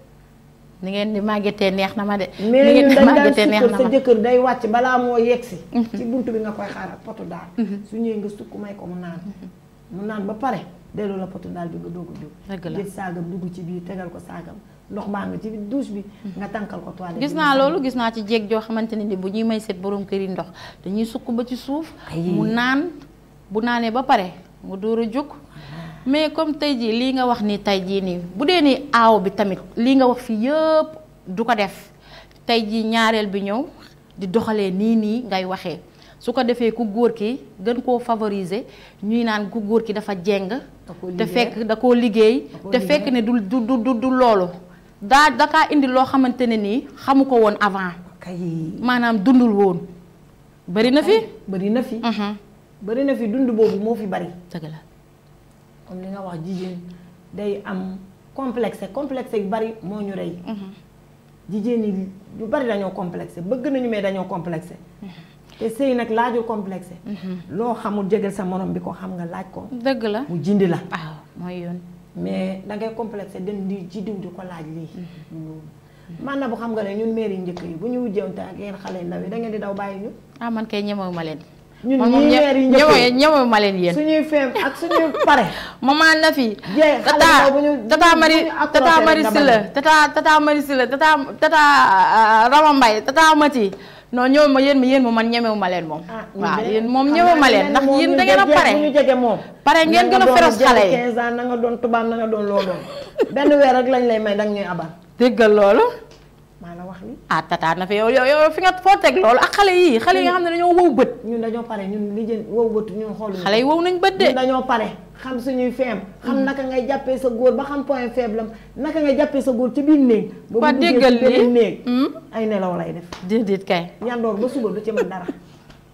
ni ngeen di màggetee neex na ma de. ni ngeen di màggetee neex na ma mais ñun dañ daan sukkal sa jëkkër day wàcc balaa moo yegsi. Mhm. ci buntu bi nga koy xaar potu daal. su ñëwee nga sukk may ko mu naan. mu naan ba pare delloo la potu daal bi nga doog a jóg. dëgg la jël dugg ci biir tegal ko saagam. ndox maa ngi ci bi. nga tànkal ko toilette gis naa loolu gis naa ci jéeg joo xamante ne ni bu ñuy may seet borom kër yi ndox dañuy sukk ba ci suuf. mu naan bu naanee ba pare mu dóor a jóg. mais comme tey jii lii nga wax ni tey jii nii bu dee ni aaw bi tamit lii nga wax fii yëpp du ko def tey jii ñaareel bi ñëw di doxalee nii nii ngay waxee. su ko defee ku góor ki gën koo favoriser ñuy naan ku góor ki dafa jeng te fekk da koo liggéey te fekk ne du du du du loolu daa dakaa indi loo xamante ne nii xamu ko woon avant. kay maanaam dundul woon. bëri na fi bëri na fi. Mhm. bëri na fi dund boobu moo fi bari. dëgg la kon li nga wax jigéen day am complexe complexe yu bari moo ñu rey. Mhm. jigéen ñi yu bari dañoo complexe bëgg nañu mais dañoo complexe. Mhm. te sëy nag laajul complexe. loo xamul jégal sa morom bi ko xam nga laaj ko. dëgg la mu jindi la. waaw mooy yoon. mais da ngay complexé dem di ci diw di ko laaj lii. Mhm. man na bu xam nga ne ñun mairie njëkk yi bu ñu wujjante ak yéen xale ndaw yi da ngeen di daw bàyyi ñu. ah man kay ñemewu ma leen. ñun ñii mairie yi njëkk yi feem ak suñuy pare. maman na fi. jeex xale bu ñu tata mari tata mari si la tata tata mari si Mati. non ñëw ma yéen ma yéen moom man ñemewu ma leen moom ah, waaw yéen moom ñemewu ma leen ndax yéen da ngeen pare moom pare ngeen gën a feros xale yi 15 ans na na nga doon loolu benn weer rek lay may danga ñuy abal déggal loolu maa la wax li ah tata na yow yow yow fi nga foo teg ak xale yii yi nga xam ne dañoo wow bët ñun dañoo pare ñun li jën wow bët ñun xool xale yi wow nañ bët de dañoo pare xam suñuy faible xam naka ngay jàppee sa góor ba xam point faible am naka nga jàppee sa góor ci biir néeg ba déggal lii néeg hmm? ay nelaw lay def déedéet kay ñandoor ba suba du ci man dara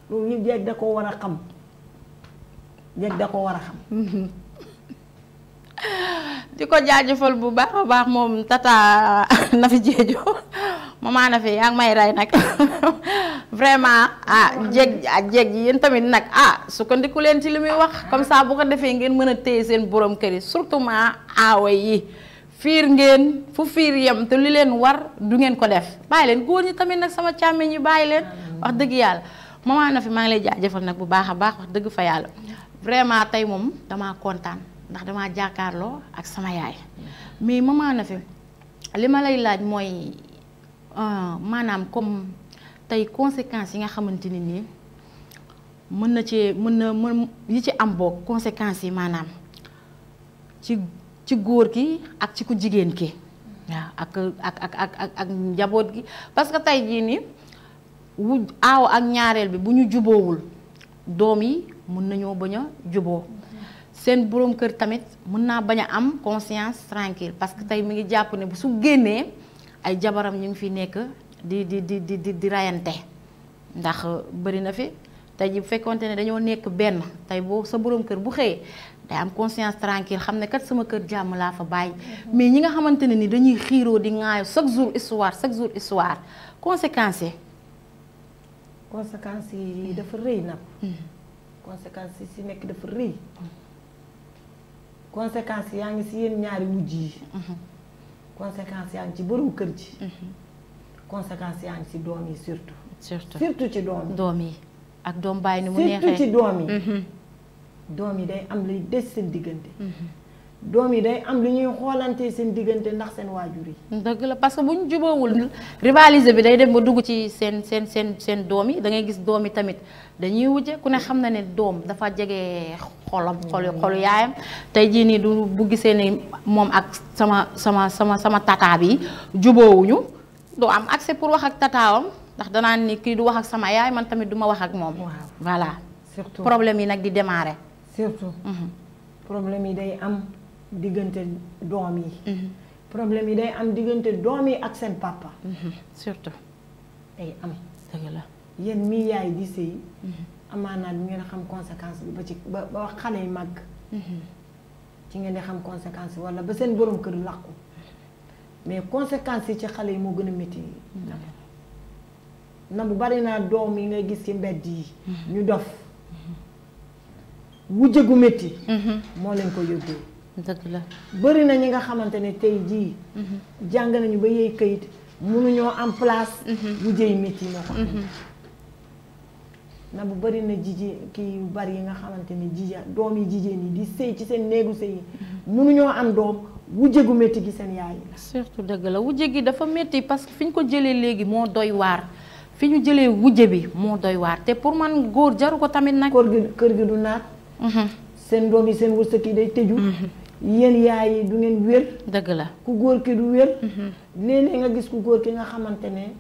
loolu ñu jeeg da koo war a xam jeeg da ko war a xam di ko jaajëfal bu baax a baax moom tata Nafi Jeejo mamana na fi yaa may ray nak vraiment ah jeg, ah, jeg yi yéen tamit nak ah sukkandiku len ci limi wax comme ça bu ko defé ngeen mën a téye seen borom kër yi surtout ma ngeen fu fiir yem te li len war du ngeen ko def bàyyi len goor ñi tamit nak sama càmmiñ ñi bàyyi len wax deug yalla maman na fi ma ngi lay nak bu baaxa baax wax deug fa yalla vraiment tay mom dama contane ndax dama jaakarlo ak sama yaay mais mamana na fi lima lay laaj moy manam comme tay conséquences yi nga xamanteni ni mën na ci mën na yi ci am mana conséquences yi manam ci ci goor ki ak ci ku jigen ki ak ak ak ak ak ak gi parce que tay ji ni wu aw ak ñaarel bi buñu jubowul dom yi mën nañu baña jubo sen borom keur tamit mën na baña am conscience tranquille parce que tay mi ngi japp ne bu su ay jabaram ñu ngi fi nekk di di di di di rayante ndax bëri na fi te ji bu fekkonte ne dañoo nekk benn tey boo sa borom kër bu xëyee day am conscience tranquille xam ne kat sama kër jàmm laa fa bàyyi mm-hmm. mais ñi nga xamante ne ni dañuy xiiroo di ŋaayoo chaque jour histoire chaque jour histoire conséquences yi conséquences yi dafa rëy nag mm-hmm. conséquences yi si nekk dafa rëy mm-hmm. conséquences yaa ngi si yéen ñaari wujj yi conséquences yaa ngi ci borom kër ji. Mhm. conséquences yaa ngi ci doom yi surtout. surtout surtout ci doom yi doom yi ak doom bàyyi ni mu neexee surtout ci doom yi. Mhm. doom yi day am luy des seen diggante. Mhm. doom yi day am lu ñuy xoolantee seen diggante ndax seen waajur yi. dëgg la parce que bu ñu jubóowul rivaliser bi day dem ba dugg ci seen seen seen seen doom yi da ngay gis doom yi tamit dañuy wujje ku ne xam na ne doom dafa jege xolam xolu mm-hmm. xolu yaayam tey jii nii du bu gisee ni moom ak sama sama sama sama tata bi jubóowuñu doo am accès pour wax ak tataawam ndax danaa ni kii du wax ak sama yaay man tamit du ma wax ak moom. voilà surtout problème yi nag di démarrer. surtout. Mm-hmm. diggante doom yi. Mhm. problème yi day am diggante doom yi ak seen papa. Mhm. surtout. day am. dëgg la yéen mii yaay di sëy mhm. amaanaat bi ngeen xam conséquence bi ba ci ba ba xale yi màgg. ci ngeen di xam conséquence wala ba seen borom kër làqu mais conséquence yi ci xale yi moo gën a métti. na bu bari naa doom yi ngay gis ci mbedd yi. ñu dof wujje gu métti. moo leen ko yóbbee. dëgg la bëri na ñi nga xamante ne tey jii. Mhm. jàng nañu ba yey kayit mënuñoo am place. Mhm. bu jëy métti mhm. bëri na jigéen kii yu bari yi nga xamante ne jigéen doom yi jigéen yi di sëy ci seen néegu sëy yi. mënuñoo am doom wujje gu métti gi seen yaay surtout dëgg la wujje gi dafa métti parce que fi ñu ko jëlee léegi moo doy waar fi ñu jëlee wujje bi moo doy waar te pour man góor jaru ko tamit nag. kër gi du naat. seen doom yi seen wërsëg yi day tëju. yéen yaay yi du ngeen wér. dëgg la ku góor ki du wér. Mhm. léeg nga gis ku góor ki nga xamante ne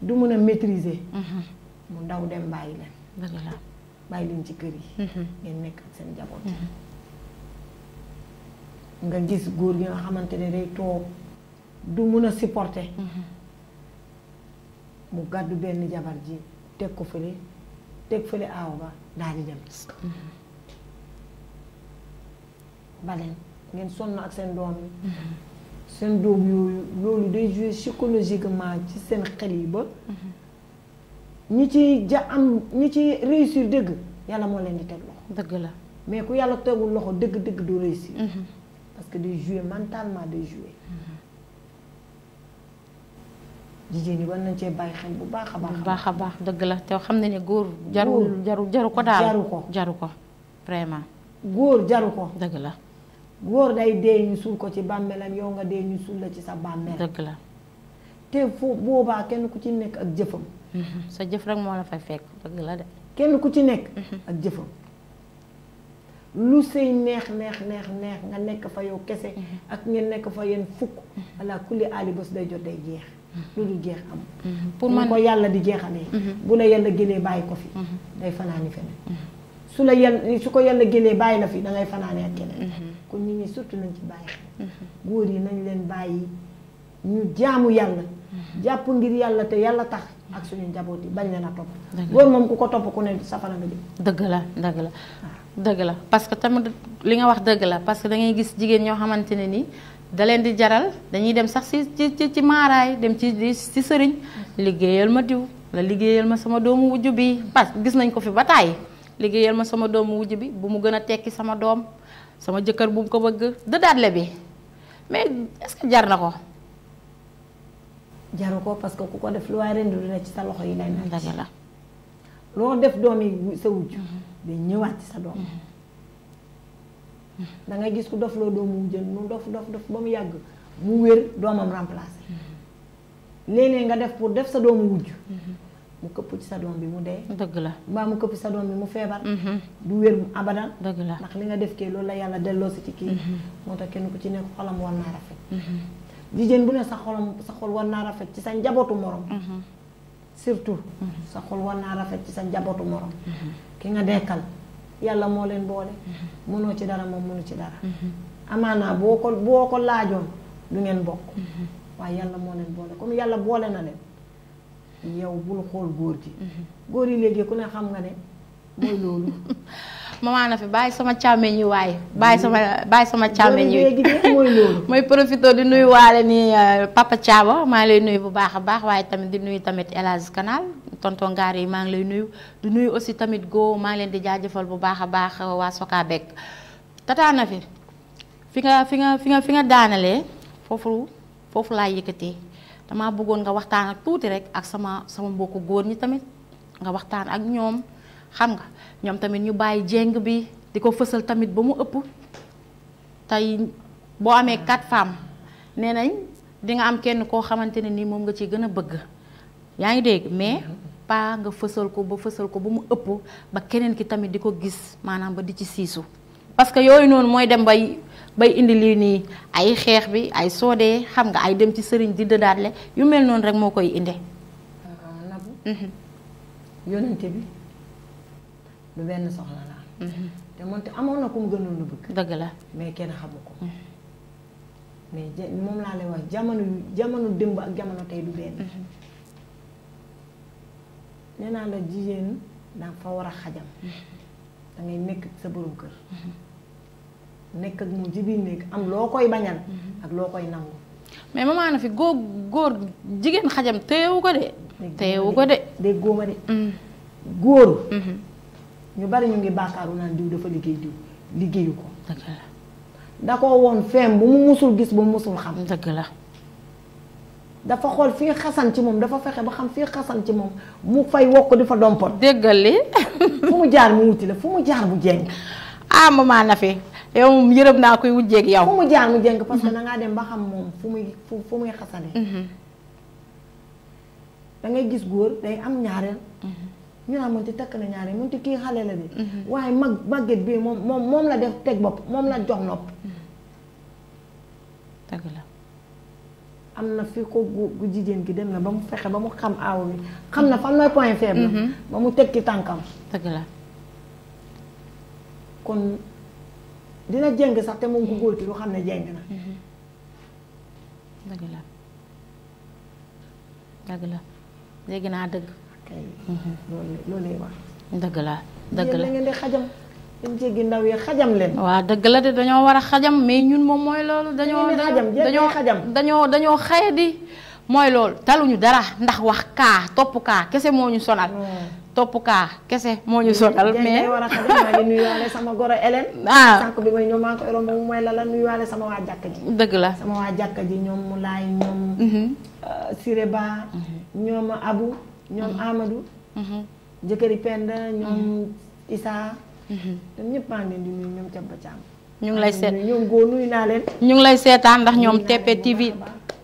du mën a maîtriser. Mhm. mu ndaw dem bàyyi leen. la bàyyi leen ci kër yi. Mhm. ngeen nekk ak seen jaboot. nga gis góor gi nga xamante ne day toog du mën a supporter. mu gàddu benn jabar ji teg ko fële teg fële aaw ba daal di dem. baleen. ngeen sonn ak seen doom seen doom yooyu loolu day jouer psychologiquement ci seen xel yi ba. ñi ci ja am ñi ci réussir dëgg yàlla moo leen di teg loxo. dëgg la mais ku yàlla tegul loxo dëgg dëgg du réussir. Mhm. parce que day jouer mentalement day jouer. Mhm. jigéen ñi war nañ cee bàyyi xel bu baax a baax. bu baax a baax dëgg la te xam na ne góor. jaru jaru jaru ko daal jaru ko. vraiment. góor jaru ko dëgg la. góor day dee ñu suul ko ci bàmmeelam yow nga dee ñu suul la ci sa bàmmeel. dëgg la te foo boobaa kenn ku ci nekk ak jëfam. Mm-hmm. sa jëf rek moo la fay fekk dëgg la de. kenn ku ci nekk. Mm-hmm. ak jëfam lu sëy neex neex neex neex nga nekk fa yow kese. Mm-hmm. ak ngeen nekk fa yéen fukk. ala kulli aali day jot day jeex. lu dul jeex am. pour man ko yàlla di jeexalee. bu la yàlla génnee bàyyi ko fi. day fanaani feneen. su la yàlla su ko yàlla génnee bàyyi la fi da ngay fanaane ak keneen mm-hmm. kon nit ñi surtout nañ ci bàyyi mm-hmm. góor yi nañ leen bàyyi ñu jaamu yàlla mm-hmm. jàpp ngir yàlla te yàlla tax ak suñu pas yi bañ leen a topp góor ku ko topp ku ne safara nga la la ah. la parce que tamit li nga wax la parce que da ngay gis jigéen ñoo xamante ne da leen di jaral dañuy dem sax ci ci ci maaraay dem ci ci sëriñ ma diw la liggéeyal ma sama doomu wujju bi parce que gis nañ ko fi ligéyal ma sama doom wujju bi bu mu gëna tekki sama doom sama jëkkeer bu mu ko bëgg dëddaatle bi mais est-ce que jar nako ko ko parce que kuko def lu way rendu dina ci sa loxo yi lay nañ dëgg la loo def doomi sa wujju mhm. day ñëwaat ci sa doom mhm. da nga gis ku dof lo doomu mu dof dof dof ba mu mu wër doomam remplacer mhm. nga def pour def sa doomu wujju mu këpp ci sa doom bi mu dee. dëgg la mbaa mu këpp ci sa doom bi mu feebar. Mhm. du wér mu abadan. dëgg la ndax li nga def kii loolu la yàlla delloo si ci kii. Mhm. moo tax kenn ku ci nekk xolam war naa rafet. Mhm. jigéen bu ne sa xolam sa xol war naa rafet ci sa njabootu morom. surtout. sa war naa rafet ci sa njabootu morom. ki nga dekkal yàlla moo leen boole. mënoo ci dara moom mënu ci dara. amaanaa boo ko boo ko laajoon du ngeen bokk. waaye yàlla moo leen boole comme yàlla boole na leen. yow bul xool góor gi. Mhm. góor yi léegi ku ne xam nga ne mooy loolu. maman na fi bàyyi sama càmmeñ yi waaye bàyyi sama bàyyi sama càmmeñ yi mooy profito di nuyu waale ni euh, Papa Thiaba maa ngi nuyu bu baax a baax waaye tamit di nuyu tamit El Hadj Canal Ngaar yi maa ngi lay nuyu di nuyu aussi tamit go maa ngi leen di jaajëfal bu baax a baax waa Soka Bek tata na fi fi nga fi nga fi nga fi nga daanalee foofu foofu laa yëkkatee dama bëggoon nga waxtaan ak tuuti rek ak sama sama mbokku goor ñi tamit nga waxtaan ak ñoom xam nga ñoom tamit ñu bàyyi jeng bi di ko fësal tamit ba mu ëpp tey boo amee ah. quatre femmes nee nañ di nga am kenn koo xamante ni moom nga ci gën a bëgg yaa dégg mais pas nga fësal ko ba fësal ko ba mu ëpp ba keneen ki tamit di gis maanaam ba di ci siisu parce que yooyu noonu mooy dem bay bay indi lii nii ay xeex bi ay soodee xam nga ay dem ci sëriñ di dëdaatle yu mel noonu rek moo koy inde ah, nabu. Mhm. bi lu benn soxla la mhm. te moonte amoon na ku mu gënoon lu bëgg. dëgg la mais kenn xamu ko. Mhm. mais moom laa lay wax jamono jamono démb ak jamono tey du benn. nee naa la jigéen dafa war a xajam. da ngay nekk sa borom kër. nekk ak moom ci biir néeg am loo koy bañal. Mhm. ak loo koy nangu. mais maman na fi góor góor jigéen xajam téyewu ko de. téyewu ko de dégg góoma de. Mhm. góor. Mhm. ñu bari ñu ngi baakaaru naan diw dafa liggéey diw liggéeyu ko. dëgg la da ko woon feem bu mu gis bu mu xam. dëgg dafa xool fii xasan ci moom dafa fexe ba xam fii xasan ci moom mu fay wokk di fa dompot. déggal li fu mu jaar mu wuti la fu mu jaar mu jéng. ah maman na fi. yow moom yërëm naa koy wujjeeg yow. fu mu jaar mu jëng parce que da dem ba xam moom fu muy fu muy xasale. Mm-hmm. da ngay gis góor day am ñaareel. Mm-hmm. ñu naan mënti takk na ñaareel mënti kii xale la de. Mm-hmm. waaye mag màgget bi moom moom moom la def teg bopp moom la jox nopp. dëgg la. am na fi ko gu jigéen gi dem na ba mu fexe ba mu xam aaw bi xam na fan mooy point faible. ba mu teg ci tànkam. dëgg la kon. dina jeng sax te moom ku góor ki lu xam ne jeng na. Mhm. dëgg la dëgg la léegi naa dëgg. Mhm. loolu loolu wax. dëgg la dëgg la ngeen di xajam. dañ jéggi ndaw yi xajam leen. waaw dëgg la de dañoo war a xajam mais ñun moom mooy loolu. dañoo dañoo dañoo dañoo xaye di mooy loolu taluñu dara ndax wax kaa topp kaa kese moo ñu sonal. Hmm. topuka kese moo ñu sonal me ñu wara xam maa ngi nuyuwaale sama goro elen ah bi may ñoom maa ngi koy romb mu may la la nuyuwaale sama wa jakka ji deug la sama wa jakka ji ñom mu laay ñoom Siré Ba ñoom Abou ñoom Amadou jëkkëri Penda ñom isa ñoom ñepp ma ngi di nuyu ñom ci bacam ñu ngi lay seet ñu go nuyu na len ñu ngi lay seetaan ndax ñom TP TV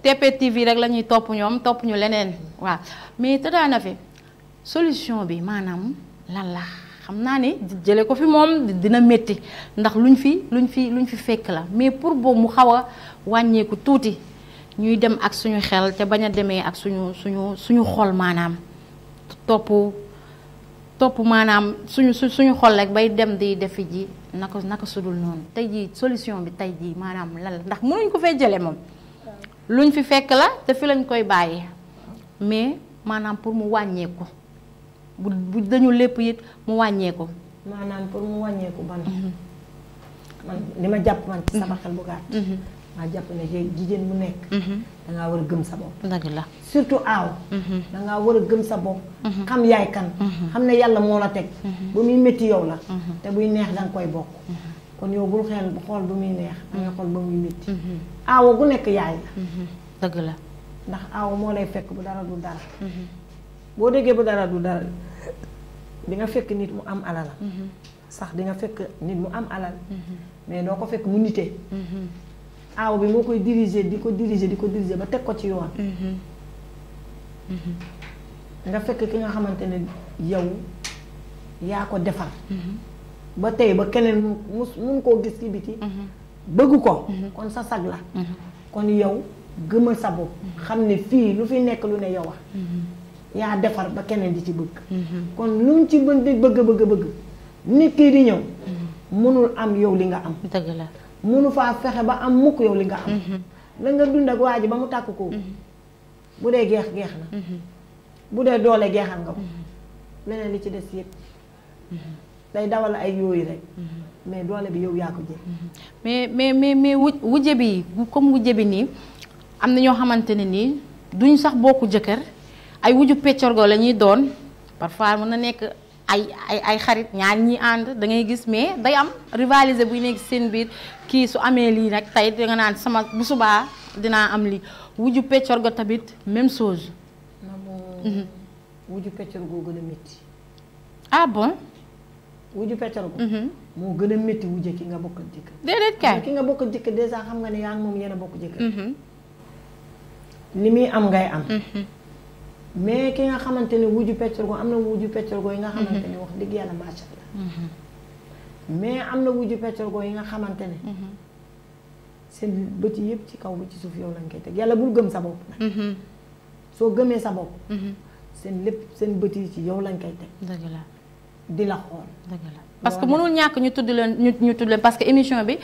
TP TV rek lañuy top ñom top ñu lenen wa mi tada na fi solution bi maanaam lan xam naa ni jële ko fi moom dina métti ndax lu luñ fi luñ fi luñ fi fekk la mais pour boobu mu xaw a wàññeeku tuuti ñuy dem ak suñu xel te bañ a demee ak suñu suñu suñu xol maanaam topp topp maanaam suñu suñu xol rek bay dem di defi ji naka naka sudul noonu tey jii solution bi tey jii maanaam lan la ndax mënuñ ko fee jële moom luñ fi fekk la te fi lañ koy bàyyi mais maanaam pour mu wàññeeku bu bu dañu lépp it mu wàññeeku. maanaam pour mu wàññeeku ban. Mhm. man li ma jàpp man ci mhm. sama xel bu gàtt. Mhm. maa jàpp ne jigéen bu nekk. da war a gëm sa bopp. dëgg la surtout aaw. da war a sa bopp. xam yaay kan. xam ne yàlla moo la teg. bu muy métti yow la. te buy neex da koy bokk. kon yow bul xeel xool bu muy neex da nga xool ba muy métti. aawo gu nekk yaay la. dëgg la. ndax aaw moo lay fekk bu dara du dara. boo déggee ba dara du dara di nga fekk nit mu am alal mhm. sax di nga fekk nit mu am alal mhm. mais doo ko fekk mu nitee mhm. aaw bi moo koy diriger di ko diriger di ko diriger ba teg ko ci yoon nga fekk ki nga xamante ne yow ko defar tey ba keneen mu mun koo gis ci biti bëgg ko kon sa sag la kon yow gëmal sa bopp xam ne fii lu fi nekk lu ne yow yaa defar ba keneen di ci bëgg mhm. kon lu mu ci bëgg bëgg bëgg bëgg nit kii di ñëw mënul mhm. am yow li nga am dëgg la mënu faa fexe ba am mukk yow li nga am mhm. la nga dund waa ji ba mu tàkk ko bu dee geex geex na bu dee doole geexal nga ko li ci des yëpp day dawal ay yooyu rek doole bi yow yaa mais mais mais mais wujje bi comme wujje bi nii am na ñoo xamante ne nii duñ sax bokk jëkkër ay wuju peccorgo la ñuy doon parfois mun na nekk ay ay xarit ñaar ñi ànd da ngay gis mais day am rivaliser buy nekk seen biir kii su amee lii nag tey da nga naan sama bu subaa dinaa am lii wuju peccorgo tamit même chose. maanaam wuju peccorgo gën a métti. ah bon. Mhm. wuju peccorgo. moo gën a métti ah mhm. wujje ki nga bokk jëkkër. déedéet kay ki nga bokk jëkkër dèjà xam nga ne yaa ngi moom yéen a bokk jëkkër. Mhm. li muy am ngay am. mais ki nga xamante ne wuju peccorgo am na wuju peccorgo yi nga mhm. xamante ne wax dëgg yàlla macha allah mhm. mais am na wuju goo yi nga xamante ne mhm. seen bët yëpp ci kaw bi ci suuf yow lañ koy teg yàlla bul gëm sa bopp nag soo gëmee sa bopp seen lépp seen bët yi ci yow lañ koy teg dëgg la di la xool dëgg la parce que mënul ñàkk ñu tudd leen ñu ñu tudd leen parce que émission bi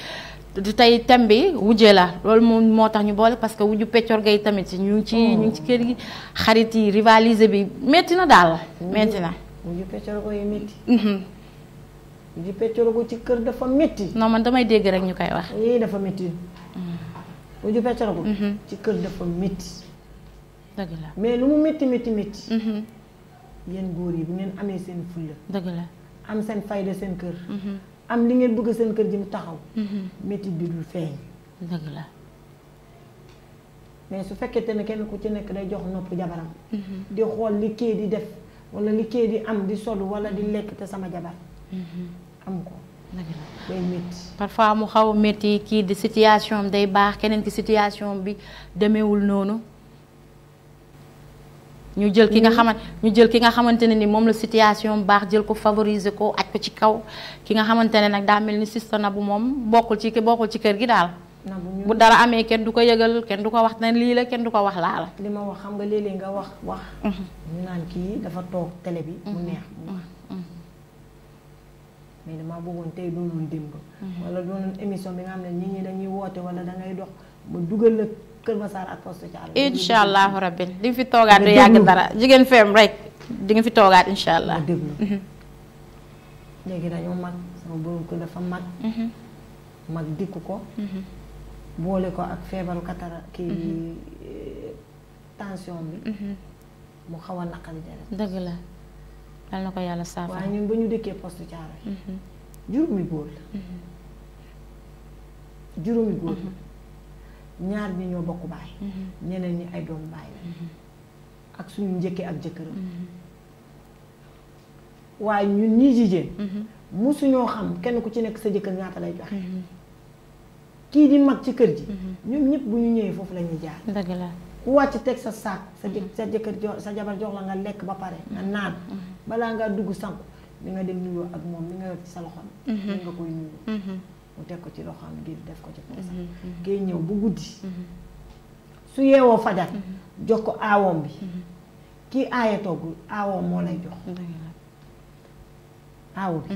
du tey thème bi wujje la loolu moom moo tax ñu boole parce que wujju peccor gay tamit ñu oh. ñu ngi ci kër gi xarit yi rivaliser bi métti na daal métti na. wujju peccor gay mhm. ci kër dafa métti. non man damay dégg rek ñu koy wax. yii dafa métti. Mhm. wujju peccor gay mhm. ci kër dafa métti. dëgg la mais lu mu métti métti métti. yéen góor yi bu ngeen amee seen fulla. dëgg la am seen fayda seen kër. am li ngeen bëgg seen kër ji mu taxaw. Mhm. métti bi dul feeñ. dëgg la. mais su fekkente ne kenn ku ci nekk day jox nopp jabaram. Mhm. di xool li kii di def wala li kii di am di sol wala di lekk te sama jabar. Mhm. am ko. day métti parfois mu xaw a métti kii di situation day baax keneen ki situation bi demewul noonu. ñu jël ki nga mhm. xamante ñu jël ki nga xamante ne ni moom la situation baax jël ko favoriser ko aj ko ci kaw ki nga xamante ne nag daa mel ni sista na bu moom bokkul ci bokkul ci kër gi daal bu dara amee kenn du ko yëgal kenn du ko wax ne lii la kenn du ko wax laa li ma wax xam nga léeg nga wax wax mhm. ñu naan kii dafa toog télé bi mu mhm. neex mais damaa bëggoon tey doonoon démb wala doonoon émission bi nga xam ne nit ñi dañuy woote wala dangay dox ba dugal la Kër Masar ak poste Thial. incha allahu rabbi di nga fi toogaat du yàgg dara jigéen feem rek di fi toogaat incha allah. Mhm. léegi dañoo mag sama mhm. mhm. ko ak feebaru katara eh, xaw dëgg la dal na ko yàlla saafara. waaye ñun ba ñu dëkkee poste Thial. juróomi góor juróomi góor ñaar ñi ñoo bokku baay mhm. ñeneen ñi ay doom baay la mhm. ak suñu njëkkee ak jëkkëram mhm. waaye ñun ñi jigéen musuñoo xam kenn ku ci nekk sa jëkkër ñaata lay joxe kii di mag ci kër ji ñoom ñëpp bu ñu ñëwee foofu la ñuy jaar ku wàcc teg sa saak sa sa jëkkër jox sa jabar jox la nga lekk ba pare nga naan balaa nga dugg sanku di nga dem nuyoo ak moom li nga yor ci sa loxo ni nga koy nuyoo mu teg ko ci loxoom ngir def ko ci poosam kay mhm, mhm. ñëw bu guddi mhm. su yeewoo fajar jox ko aawoom bi kii aaya togg aawoom moo lay jox aawo bi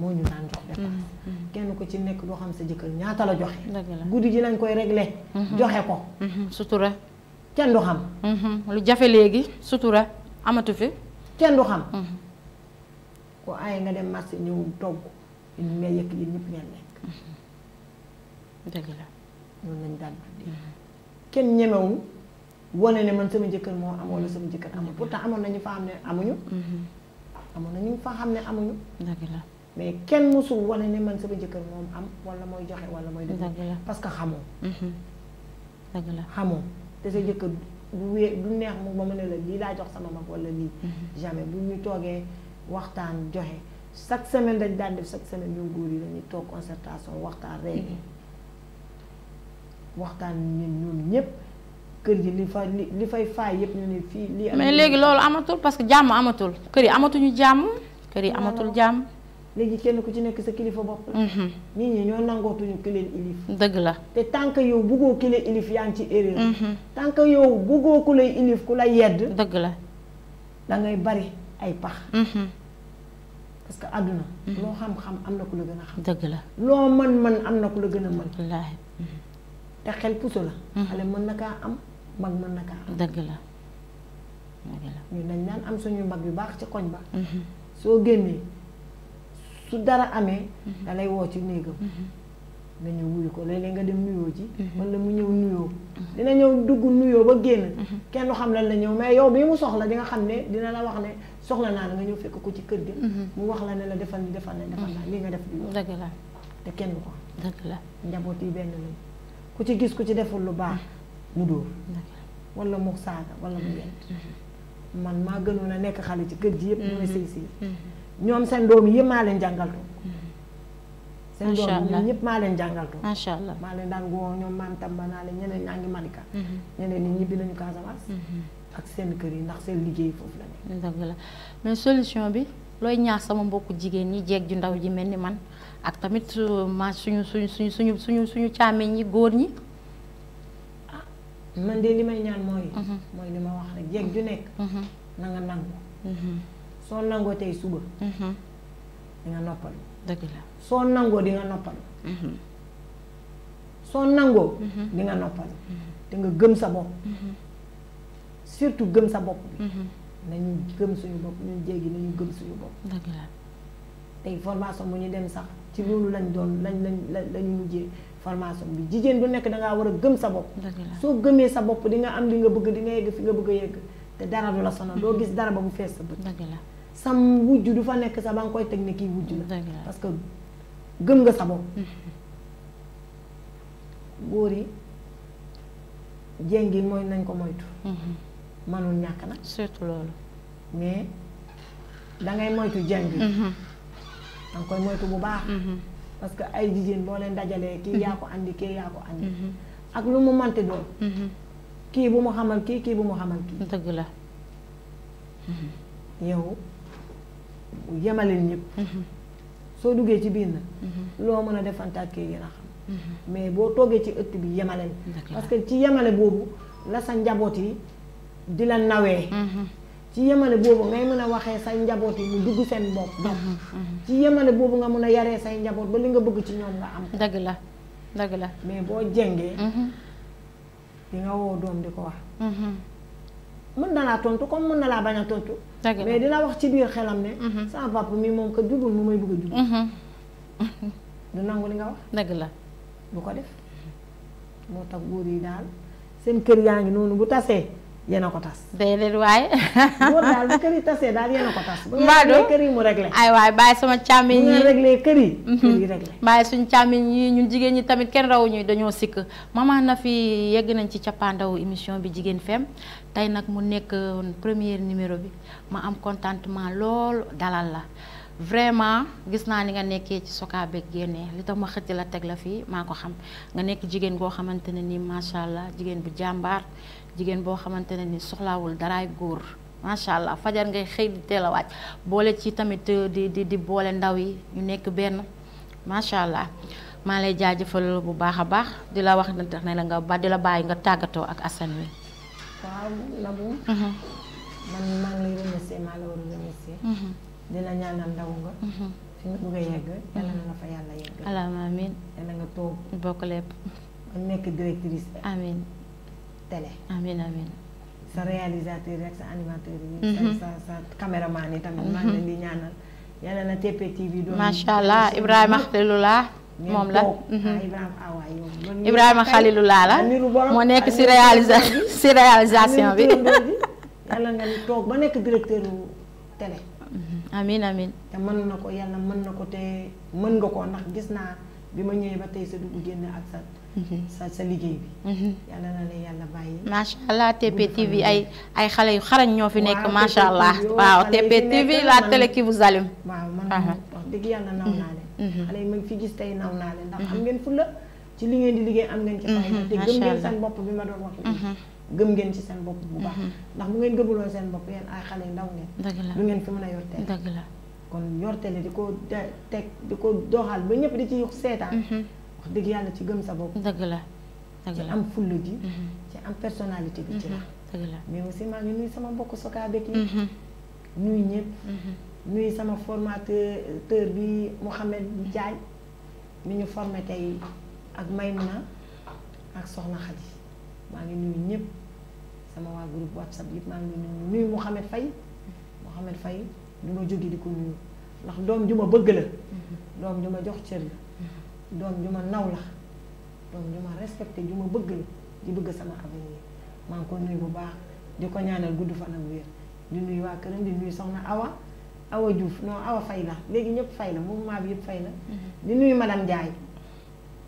moo ñu daan jox dépense kenn ko ci nekk doo xam sa jëkkër ñaata la joxe guddi ji lañ koy regle joxe ko sutura kenn du xam lu jafe léegi sutura amatu fi kenn du xam ko aaye nga dem marché ñëw togg nga yëkk yéen ñëpp ngeen lekk dëgg la noonu lañ daan dundee mm-hmm. kenn ñemewu wane ne man sama jëkkër moo am wala sama jëkkër amul pourtant amoon nañu fa xam ne amuñu mm-hmm. amoon nañu fa xam ne amuñu dëgg la mais kenn mosul wane ne man sama jëkkër moom am wala mooy joxe wala mooy def parce que xamoo mm-hmm. dëgg la xamoo te sa jëkkër du wee du neex mu ma mu la lii laa jox sama mag wala lii jamais bu ñu toogee waxtaan joxe chaque semaine dañ daan def chaque semaine ñu nguur yi dañuy toog concertation waxtaan réegi mhm. waxtaan ñun ñun ñëpp kër gi li fa li fay faay yëpp ñu ne fii lii mais léegi loolu amatul parce que jàmm amatul kër yi amatuñu jàmm kër yi amatul jàmm léegi kenn ku ci nekk sa kilifa bopp la mhm. nit ñi ñoo nangootuñu ki leen ilif dëgg la te tant que yow buggoo ki leen ilif yaa ci erreur mhm. tant que yow buggoo ku lay ilif ku la yedd dëgg la dangay bari ay pax parce que àdduna. Mm. loo xam-xam am na ku la gën a xam. dëgg la loo mën-mën am na ku la gën a mën. wallaahi. te xel puso la. Mm. xale mën na am mag mën na kaa la dëgg la. ñun dañ daan am suñu mag yu baax ci koñ ba. Mm-hmm. soo génnee su dara amee. Mm-hmm. da woo ci néegam. Mm-hmm. nga ko léeg nga dem nuyoo ji. wala mu ñëw nuyoo. dina ñëw dugg nuyoo ba génn. kenn xam lan la ñëw mais yow bii mu soxla di nga xam ne dina la wax ne. soxla naa nga ñëw fekk ko ci kër gi. Mhm. mu wax la ne la defal ni defal na defal naa mhm. li nga def. dëgg la te kenn ko. dëgg la njaboot yi benn lañu ku ci gis ku ci deful lu baax mhm. mu dóor. wala mu saaga wala mu yent man maa gënoon a nekk xale ci kër ji yëpp. ñu ngi sëy sëy ñoom seen doom yëpp maa leen jàngal toog. seen doom yi ñëpp maa leen jàngal toog. macha maa leen daan woo ñoom maam Tamba naa leen ñeneen ñaa ngi Malika. ñeneen ñi ñibbi nañu Casamance. ak seen kër yi ndax seen liggéey fofu la nekk. dëgg la mais solution bi looy ñaax sama mbokku jigéen ñi jeeg ju ndaw ji mel ni man ak tamit euh, ma suñu suñu suñu suñu suñu suñu càmmeñ ñi góor ñi. Ah, man de li may ñaan mooy. Mhm. mooy li ma wax rek jeeg ju nekk. Mhm. na nga nangu. Mhm. soo nangoo tey suba. di nga noppal dëgg la soo nangoo di nga noppalu. soo nangoo. di nga noppal te nga gëm sa bopp. surtout gëm sa bopp bi mhm. nañu gëm suñu bopp ñun jéegi nañu gëm suñu bopp dëgg tey formation bu ñu dem sax ci loolu lañ doon lañ lañ lañu mujjee formation bi jigéen bu nekk dangaa war a gëm sa bopp soo gëmee sa bopp di nga am li nga bëgg di nga yegg fi nga bëgg a yegg te dara du la sonal doo gis dara ba bu fees sa bët dëgg la sam wujj du fa nekk sa ba nga koy teg ne kii wujj la parce que gëm nga sa bopp mhm. góor yi jéngi mooy nañ ko moytu mhm. mënul ñàkk nag. surtout loolu. mais da ngay moytu jàng bi. Mm-hmm. da koy moytu bu baax. Mm-hmm. parce que ay jigéen boo leen dajalee. kii yaa ko andi kii yaa ko andi. Mm-hmm. ak lu mu manti doon. kii bu mu xamal kii kii bu mu xamal kii. dëgg la. yow yemaleel ñëpp. soo duggee ci biir na loo mën a defantaat kii gën a xam. mais boo toogee ci ëtt bi yemaleel. parce que ci yemale boobu la sa njaboot yi. di la nawee mm-hmm. ci yamane bobu ngay mën a say njabot yi mu dugg sen bop bopp mm-hmm. Mm-hmm. ci yamane bobu nga mën a say njabot ba li nga bëgg ci ñoom nga am dëgg la dëgg la mais boo jengee di nga wo doom diko wax hmm mën na la tontu comme mën na la baña tontu mais dina wax ci biir xelam ne sa papa mi mom ko duggul mu may bëgg duggul hmm du nangul nga wax dëgg la bu ko def moo tax yi dal seen kër yaangi nonu bu tassé yéen a ko tas. déedéet waaye. góor daal bu kër yi kotas. daal Keri a ko tas. mbaa du bu kër yi mu réglé. ay waay bàyyi sama càmmiñ yi mu réglé kër yi. kër yi réglé mhm. bàyyi suñu càmmiñ yi ñun jigéen ñi tamit kenn rawu ñuy dañoo sikk maman na fi yegg nañ ci cappaandawu émission bi Jigéen Femme tey nag mu nekk premier numéro bi ma am contentement lool dalal la vraiment gis naa ni nga nekkee ci sokaa beeg génnee li tax ma xëcc la teg la fii xam nga nekk jigéen goo xamante ne nii jigéen bu jàmbaar jigen bo xamantene ni soxlawul daraay góor macha allah fajar ngay xey di teel a boole ci tamit euh, di di di boole ndaw yi ñu nekk benn macha allah maa lay jaajeufal bu baaxa baax di la wax na tax na la nga ba di la nga tagato ak asan wi waaw bu mhm. man ma ngi lay remercier ma la war a remercier mhm. dina ñaanal ndaw nga mhm. fi nga bëgg yegg yalla na nga fa yalla yegg ala amin yalla nga toog bokk lepp nekk directrice amin télé. amiin sa réalisateur rek sa animateur yi. sa mm-hmm. sa sa caméraman yi tamit. Mm-hmm. maa ngi leen di macha allah Ibrahima Khalilullah moom la mm-hmm. ah, Ibrahima ah, Khalilullah la ah, moo nekk si réalisa si réalisation bi. toog ba nekk directeur bu télé. amiin na ko yàlla mën na ko te mën nga ko ndax gis naa bi ma ñëwee ba tey sa dugg Mm-hmm. sa sa liggéey bi. Mm-hmm. yàlla na la yàlla bàyyi. macha allah TP TV ay xale yu xarañ ñoo fi nekk macha allah. waaw TP TV la télé qui vous waaw man wax dëgg yàlla naw naa mm-hmm. ma fi gis tey naw naa leen ndax am ngeen fulla ci li ngeen di liggéey am ngeen ci fayda te gëm ngeen seen ma doon gëm ngeen ci seen bopp bu baax. ndax bu ngeen gëmuloon seen bopp yéen ay xale yu ndaw ngeen. dëgg la lu ngeen fi mën a yor tey. di ko teg di ko doxal ba ñëpp di ci seetaan. dëgg yàlla ci gëm sa bopp. dëgg la dëgg la ci am fulla ji. Mm-hmm. ci am personnalité bi ci mm-hmm. la. mais aussi maa ngi nuyu sama mbokk sokaabeek yi. Mm-hmm. nuyu ñëpp. nuyu sama formateur bi Mouhamed Ndiaye mi ñu ak may ak Maymuna ak Soxna Khady maa ngi nuyu ñëpp sama waa groupe WhatsApp yëpp maa ngi nuyu nuyu Mouhamed Faye Mouhamed Faye jóge di ko nuyu ndax doom ju ma bëgg la. doom ju jox cër la. doom ju naw la doom ju ma respecté ju ma bëgg la di bëgg sama avenir maa ko nuyu bu baax di ko ñaanal gudd fan ak wér di nuyu waa këram di nuyu soxna Awa Awa Diouf non Awa Fay la léegi ñëpp fay la mouvement maam yëpp fay la mm-hmm. di nuyu madame njaay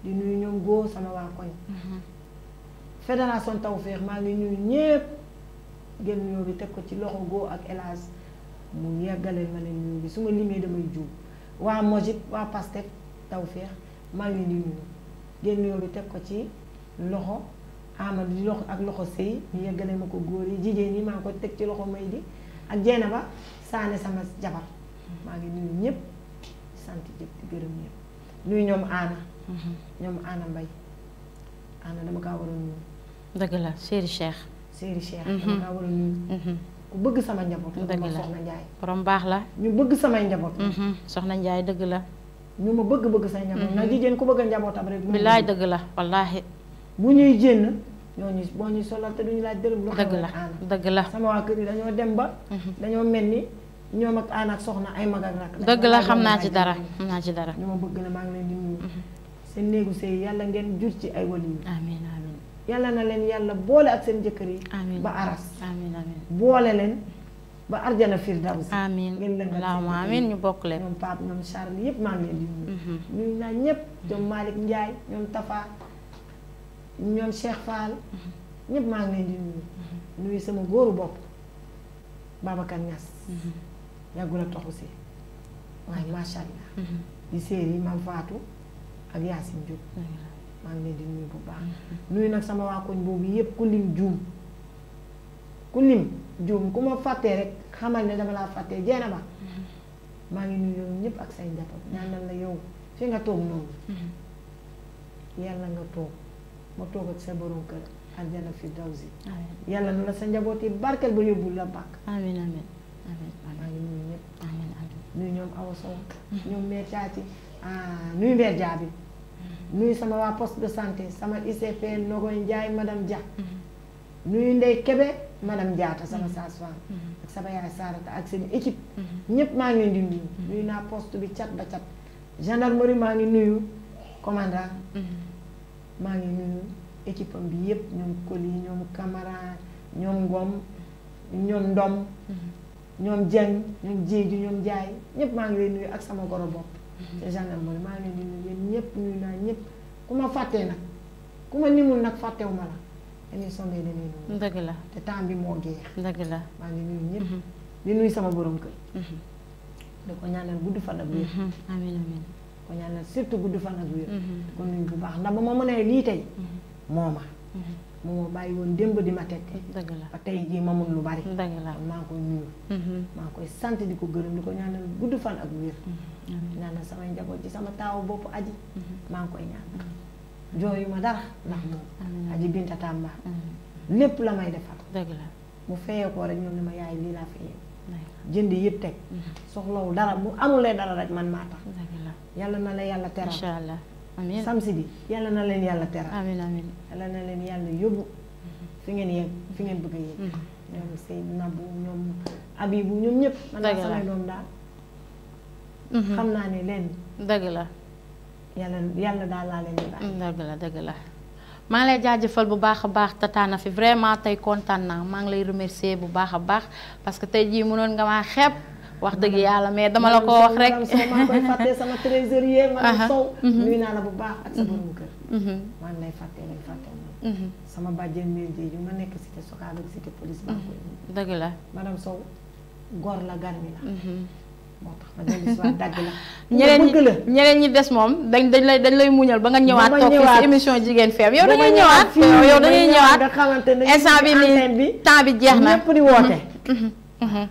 di nuyu ñoom góor sama waa koñ mm-hmm. fédération Tawfekh maa ngi nuyu ñépp gën nuyoo bi teg ko ci loxo góor ak elage mu yeggaleel ma leen nuyoo bi su ma limee damay juum waa Mojib waa Pastef Tawfekh maa ngi leen di nuyu génn nuyoo bi tek ko ci loxo di loxo ak loxo sëy ñu yeggale ma ko yi jigéen yi ko ci loxo may di ak jena ba saane sama jabar maa ngi nuyu ñëpp santi jep di gërëm ñëpp nuyu ñoom ana mm-hmm. ñoom ana mbay ana dama ka war a nuyu dëgg la seri cheikh seri cheikh mm-hmm. dama kaa war nuyu mm-hmm. ku bëgg sama njabot dëgg la soxna njaay borom baax la ñu bëgg samay njaboot soxna njaay la ñu ma bëgg-bëgg say njaboot mhm. ndax jën ku bëgg a njabootam rek bilaay dëgg la wallaahi bu ñuy jénn ñooñu boo ñuy solal te duñu laaj dërëm lu dëgg la dëgg la sama waa kër yi dañoo dem ba mhm. dañoo mel ni ñoom ak aan soxna ay mag ak rakk dëgg la xam naa ci dara xam naa ci dara ñu ma bëgg na maa ngi leen di nuyu mhm. seen néegu sëy yàlla ngeen jur ci ay waliyu amiin amiin yàlla na leen yàlla boole ak seen jëkkër yi ba aras amiin amiin boole leen ba arjana firdawsi amiin allahumma amiin ñu bokk leen ñoom Pape ñoom Charles yëpp maa ngi leen di nuyu mhm. nuyu naa ñëpp ñoom Malick Ndiaye ñoom Tafa ñoom Cheikh Fall mhm. ñëpp maa ngi leen di nuyu mhm. nuyu sama góor bopp Babacar Niass yàggul a toxu si waaye macha allah di séer yi Mam ak Yacine Diop maa ngi leen di nuyu bu baax nuyu nag sama waa koñ boobu yëpp ku lim juum ku lim juum ku ma fàttee rek xamal ne dama laa fàttee jeena ba mm-hmm. maa ngi nuyu yow ñëpp ak say njaboot ñaanal la yow fi nga toog mm-hmm. ma toog ak sa borom kër aljana fi dawsi yàlla na sa njaboot yi barkeel ba yóbbul la bàkk amiin amiin amiin maa ngi nuyu ñëpp amiin amiin nuyu ñoom Awa Sow mm-hmm. ñoom meer caati ah, nuyu meer jaabi nuyu sama waa poste de santé sama ICP Nogoy Njaay madam ja nuyu Ndey Kebe mm-hmm. madame jaata sama mm-hmm. sage-femme mm-hmm. ak sama yaay Sarata ak seen équipe ñëpp maa ngi leen di nuyu nuyu naa post bi cat ba cat gendarmerie maa ngi nuyu commandant maa ngi nuyu équipe bi yëpp ñoom Koli ñoom Camara ñoom Ngom ñoom Ndom ñoom Dieng ñoom Diédhiou ñoom Jaay ñëpp maa ngi leen nuyu ak sama goro bopp te gendarmerie maa ngi leen di nuyu yéen ñëpp nuyu naa ñëpp ku ma fàttee nag ku ma nimul nag fàttewuma la dañuy sondee dañuy nuyu. dëgg la te temps bi moo jeex. dëgg la maa ngi nuyu ñëpp. li mhm. nuyu sama borom kër. Mhm. da ko ñaanal gudd fan ak wér. Mhm. amiin amiin ko ñaanal surtout bu baax ndax ba ma mënee lii tey. moo ma. bàyyi woon démb di ma teg. dëgg la ba tey jii ma mun lu bari. dëgg la maa ngi koy nuyu. maa ngi koy sant di ko gërëm di ko ñaanal gudd fan ak wér. ñaanal samay njaboot ci sama taawu bopp aji. maa ngi koy ñaanal. jooyu ma dara ndax moom mm. aji binta tàmba mm. lépp la may defal dëgg la mu feyee ko rek ñoom ne ma yaay lii laa feyee jënd yëpp teg mm-hmm. soxlawul dara bu amulee dara rek man maa tax yàlla na la yàlla teral incha allah amiin yàlla na leen yàlla teral amiin amiin yàlla na leen yàlla yóbbu mm-hmm. fi ngeen yegg fi ngeen bëgg a yegg mm-hmm. ñoom Seydina bu ñoom Abibu ñoom ñëpp man naa samay doom daal xam naa ne leen dëgg la yàlla yàlla daal laa mm, bu baax a baax fi vraiment tay kontaan naa mang lay remercier bu baax a baax parce que tay ji mënoon nga ma xeeb. wax deug yalla mais dama la ko wax rek sama trésorier ma Sow mm-hmm. nuyu nana bu baax ak sama mu keur maa ngi lay faté lay fàtte sama mel di Diédhiou ma ci cité Socab ak cité police ba ko deug la madame Sow gor la garmi la mm-hmm. moo tax ma la. ñeneen ñi des moom dañ dañ lay dañ lay muñal ba nga ñëwaat. toog fii si émission jigéen feem yow dañuy ñëwaat. yow dañuy ñëwaat nga xamante ne instant bi nii temps bi jeex na ñëpp di woote. Mm-hmm. Mm-hmm. Mm-hmm.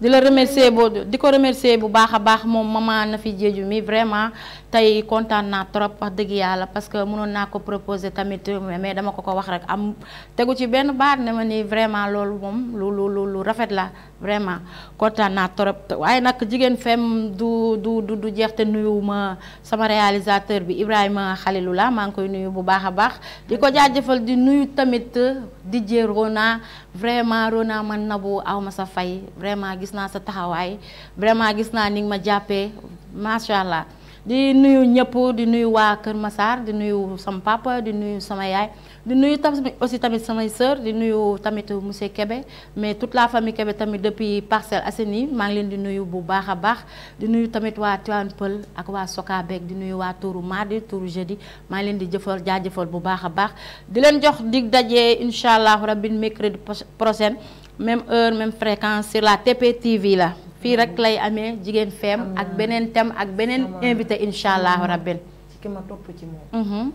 di la remercier boo di ko remercier bu baax a baax moom maman na fi jéeju mi vraiment tey kontaan naa trop wax dëgg yàlla parce que mënoon naa ko proposer tamit mais dama ko ko wax rek am tegu ci benn baat ne ma nii vraiment loolu moom lu lu lu rafet la vraiment kontaan naa trop waaye nag jigéen fem du du du du jeexte nuyu ma sama réalisateur bi Ibrahima la maa ngi koy nuyu bu baax a baax di ko jaajëfal di nuyu tamit DJ Rona vraiment Rona man nabu aw ma sa fay vraiment gis naa sa taxawaay vraiment gis naa ni ma jàppee macha allah. di nuyu ñëpp di nuyu waa Kër Massar di nuyu sama papa di nuyu sama yaay di nuyu tamit aussi tamit sama sœur di nuyu tamit monsieur Kébé mais toute la famille Kébé tamit depuis parcelle Assainies maa ngi leen di nuyu bu baax a baax di nuyu tamit waa Tivaouane Peulh ak waa Sokabek di nuyu waa touru mardi touru jeudi maa ngi leen di jëfal jaajëfal bu baax a baax di leen jox dig dajee incha allah rabbi mercredi prochain même heure même fréquence sur la TP TV la fii rek lay amee jigéen feem ak beneen thème ak beneen invité incha allahu rabbin ci ki ma topp ci moom mm-hmm.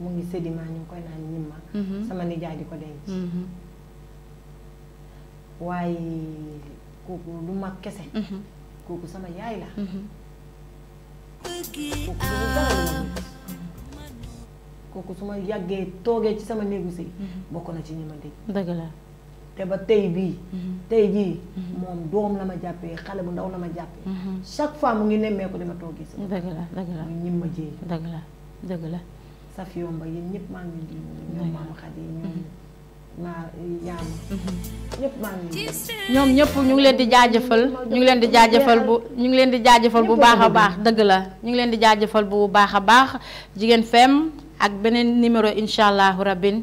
mu ngi sédiment ñu ngi koy naan ñimma mm-hmm. sama nijaay di ko denc mm-hmm. waaye mag kese sama yaay la kooku su ma yàggee toogee ci sama néegu sëy bokk na ci ñi ma dégg ba tey bii. Mm-hmm. tey jii. Mm-hmm. moom doom la ma jàppee xale bu ndaw la ma jàppee. Mm-hmm. chaque fois mu ngi nemmeeku dama toog gis. dëgg la dëgg la ñim ma jiyee. dëgg la dëgg la. saf ñëpp maa ngi leen di ñoom maam eh, ñëpp ñu ngi leen di jaajëfal ñu ngi leen di jaajëfal bu ñu ngi leen di jaajëfal bu baax a baax dëgg la ñu ngi leen di jaajëfal bu baax a baax Jigéen FM ak beneen numéro incha allahu rabbin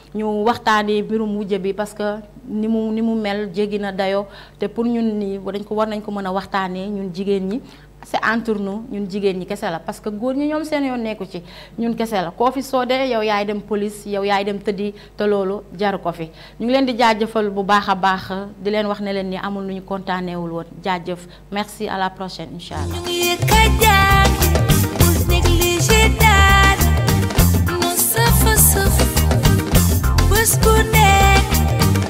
ñu waxtaanee mbirum wujje bi parce que ni mu ni mu mel jéggi na dayo te pour ñun nii dañ ko war nañ ko mën a waxtaanee ñun jigéen ñi. se entre nous ñun jigéen ñi kese la parce que góor ñi ñoom seen yoon nekku ci ñun kese la koo fi soo soodee yow yaay dem police yow yaay dem tëddi te loolu jaru ko fi ñu ngi leen di jaajëfal bu baax a baax di leen wax ne leen ni amul lu ñu kontaanewul woon jaajëf merci à la prochaine incha allah. was good eh?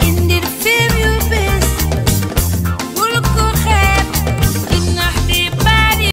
in the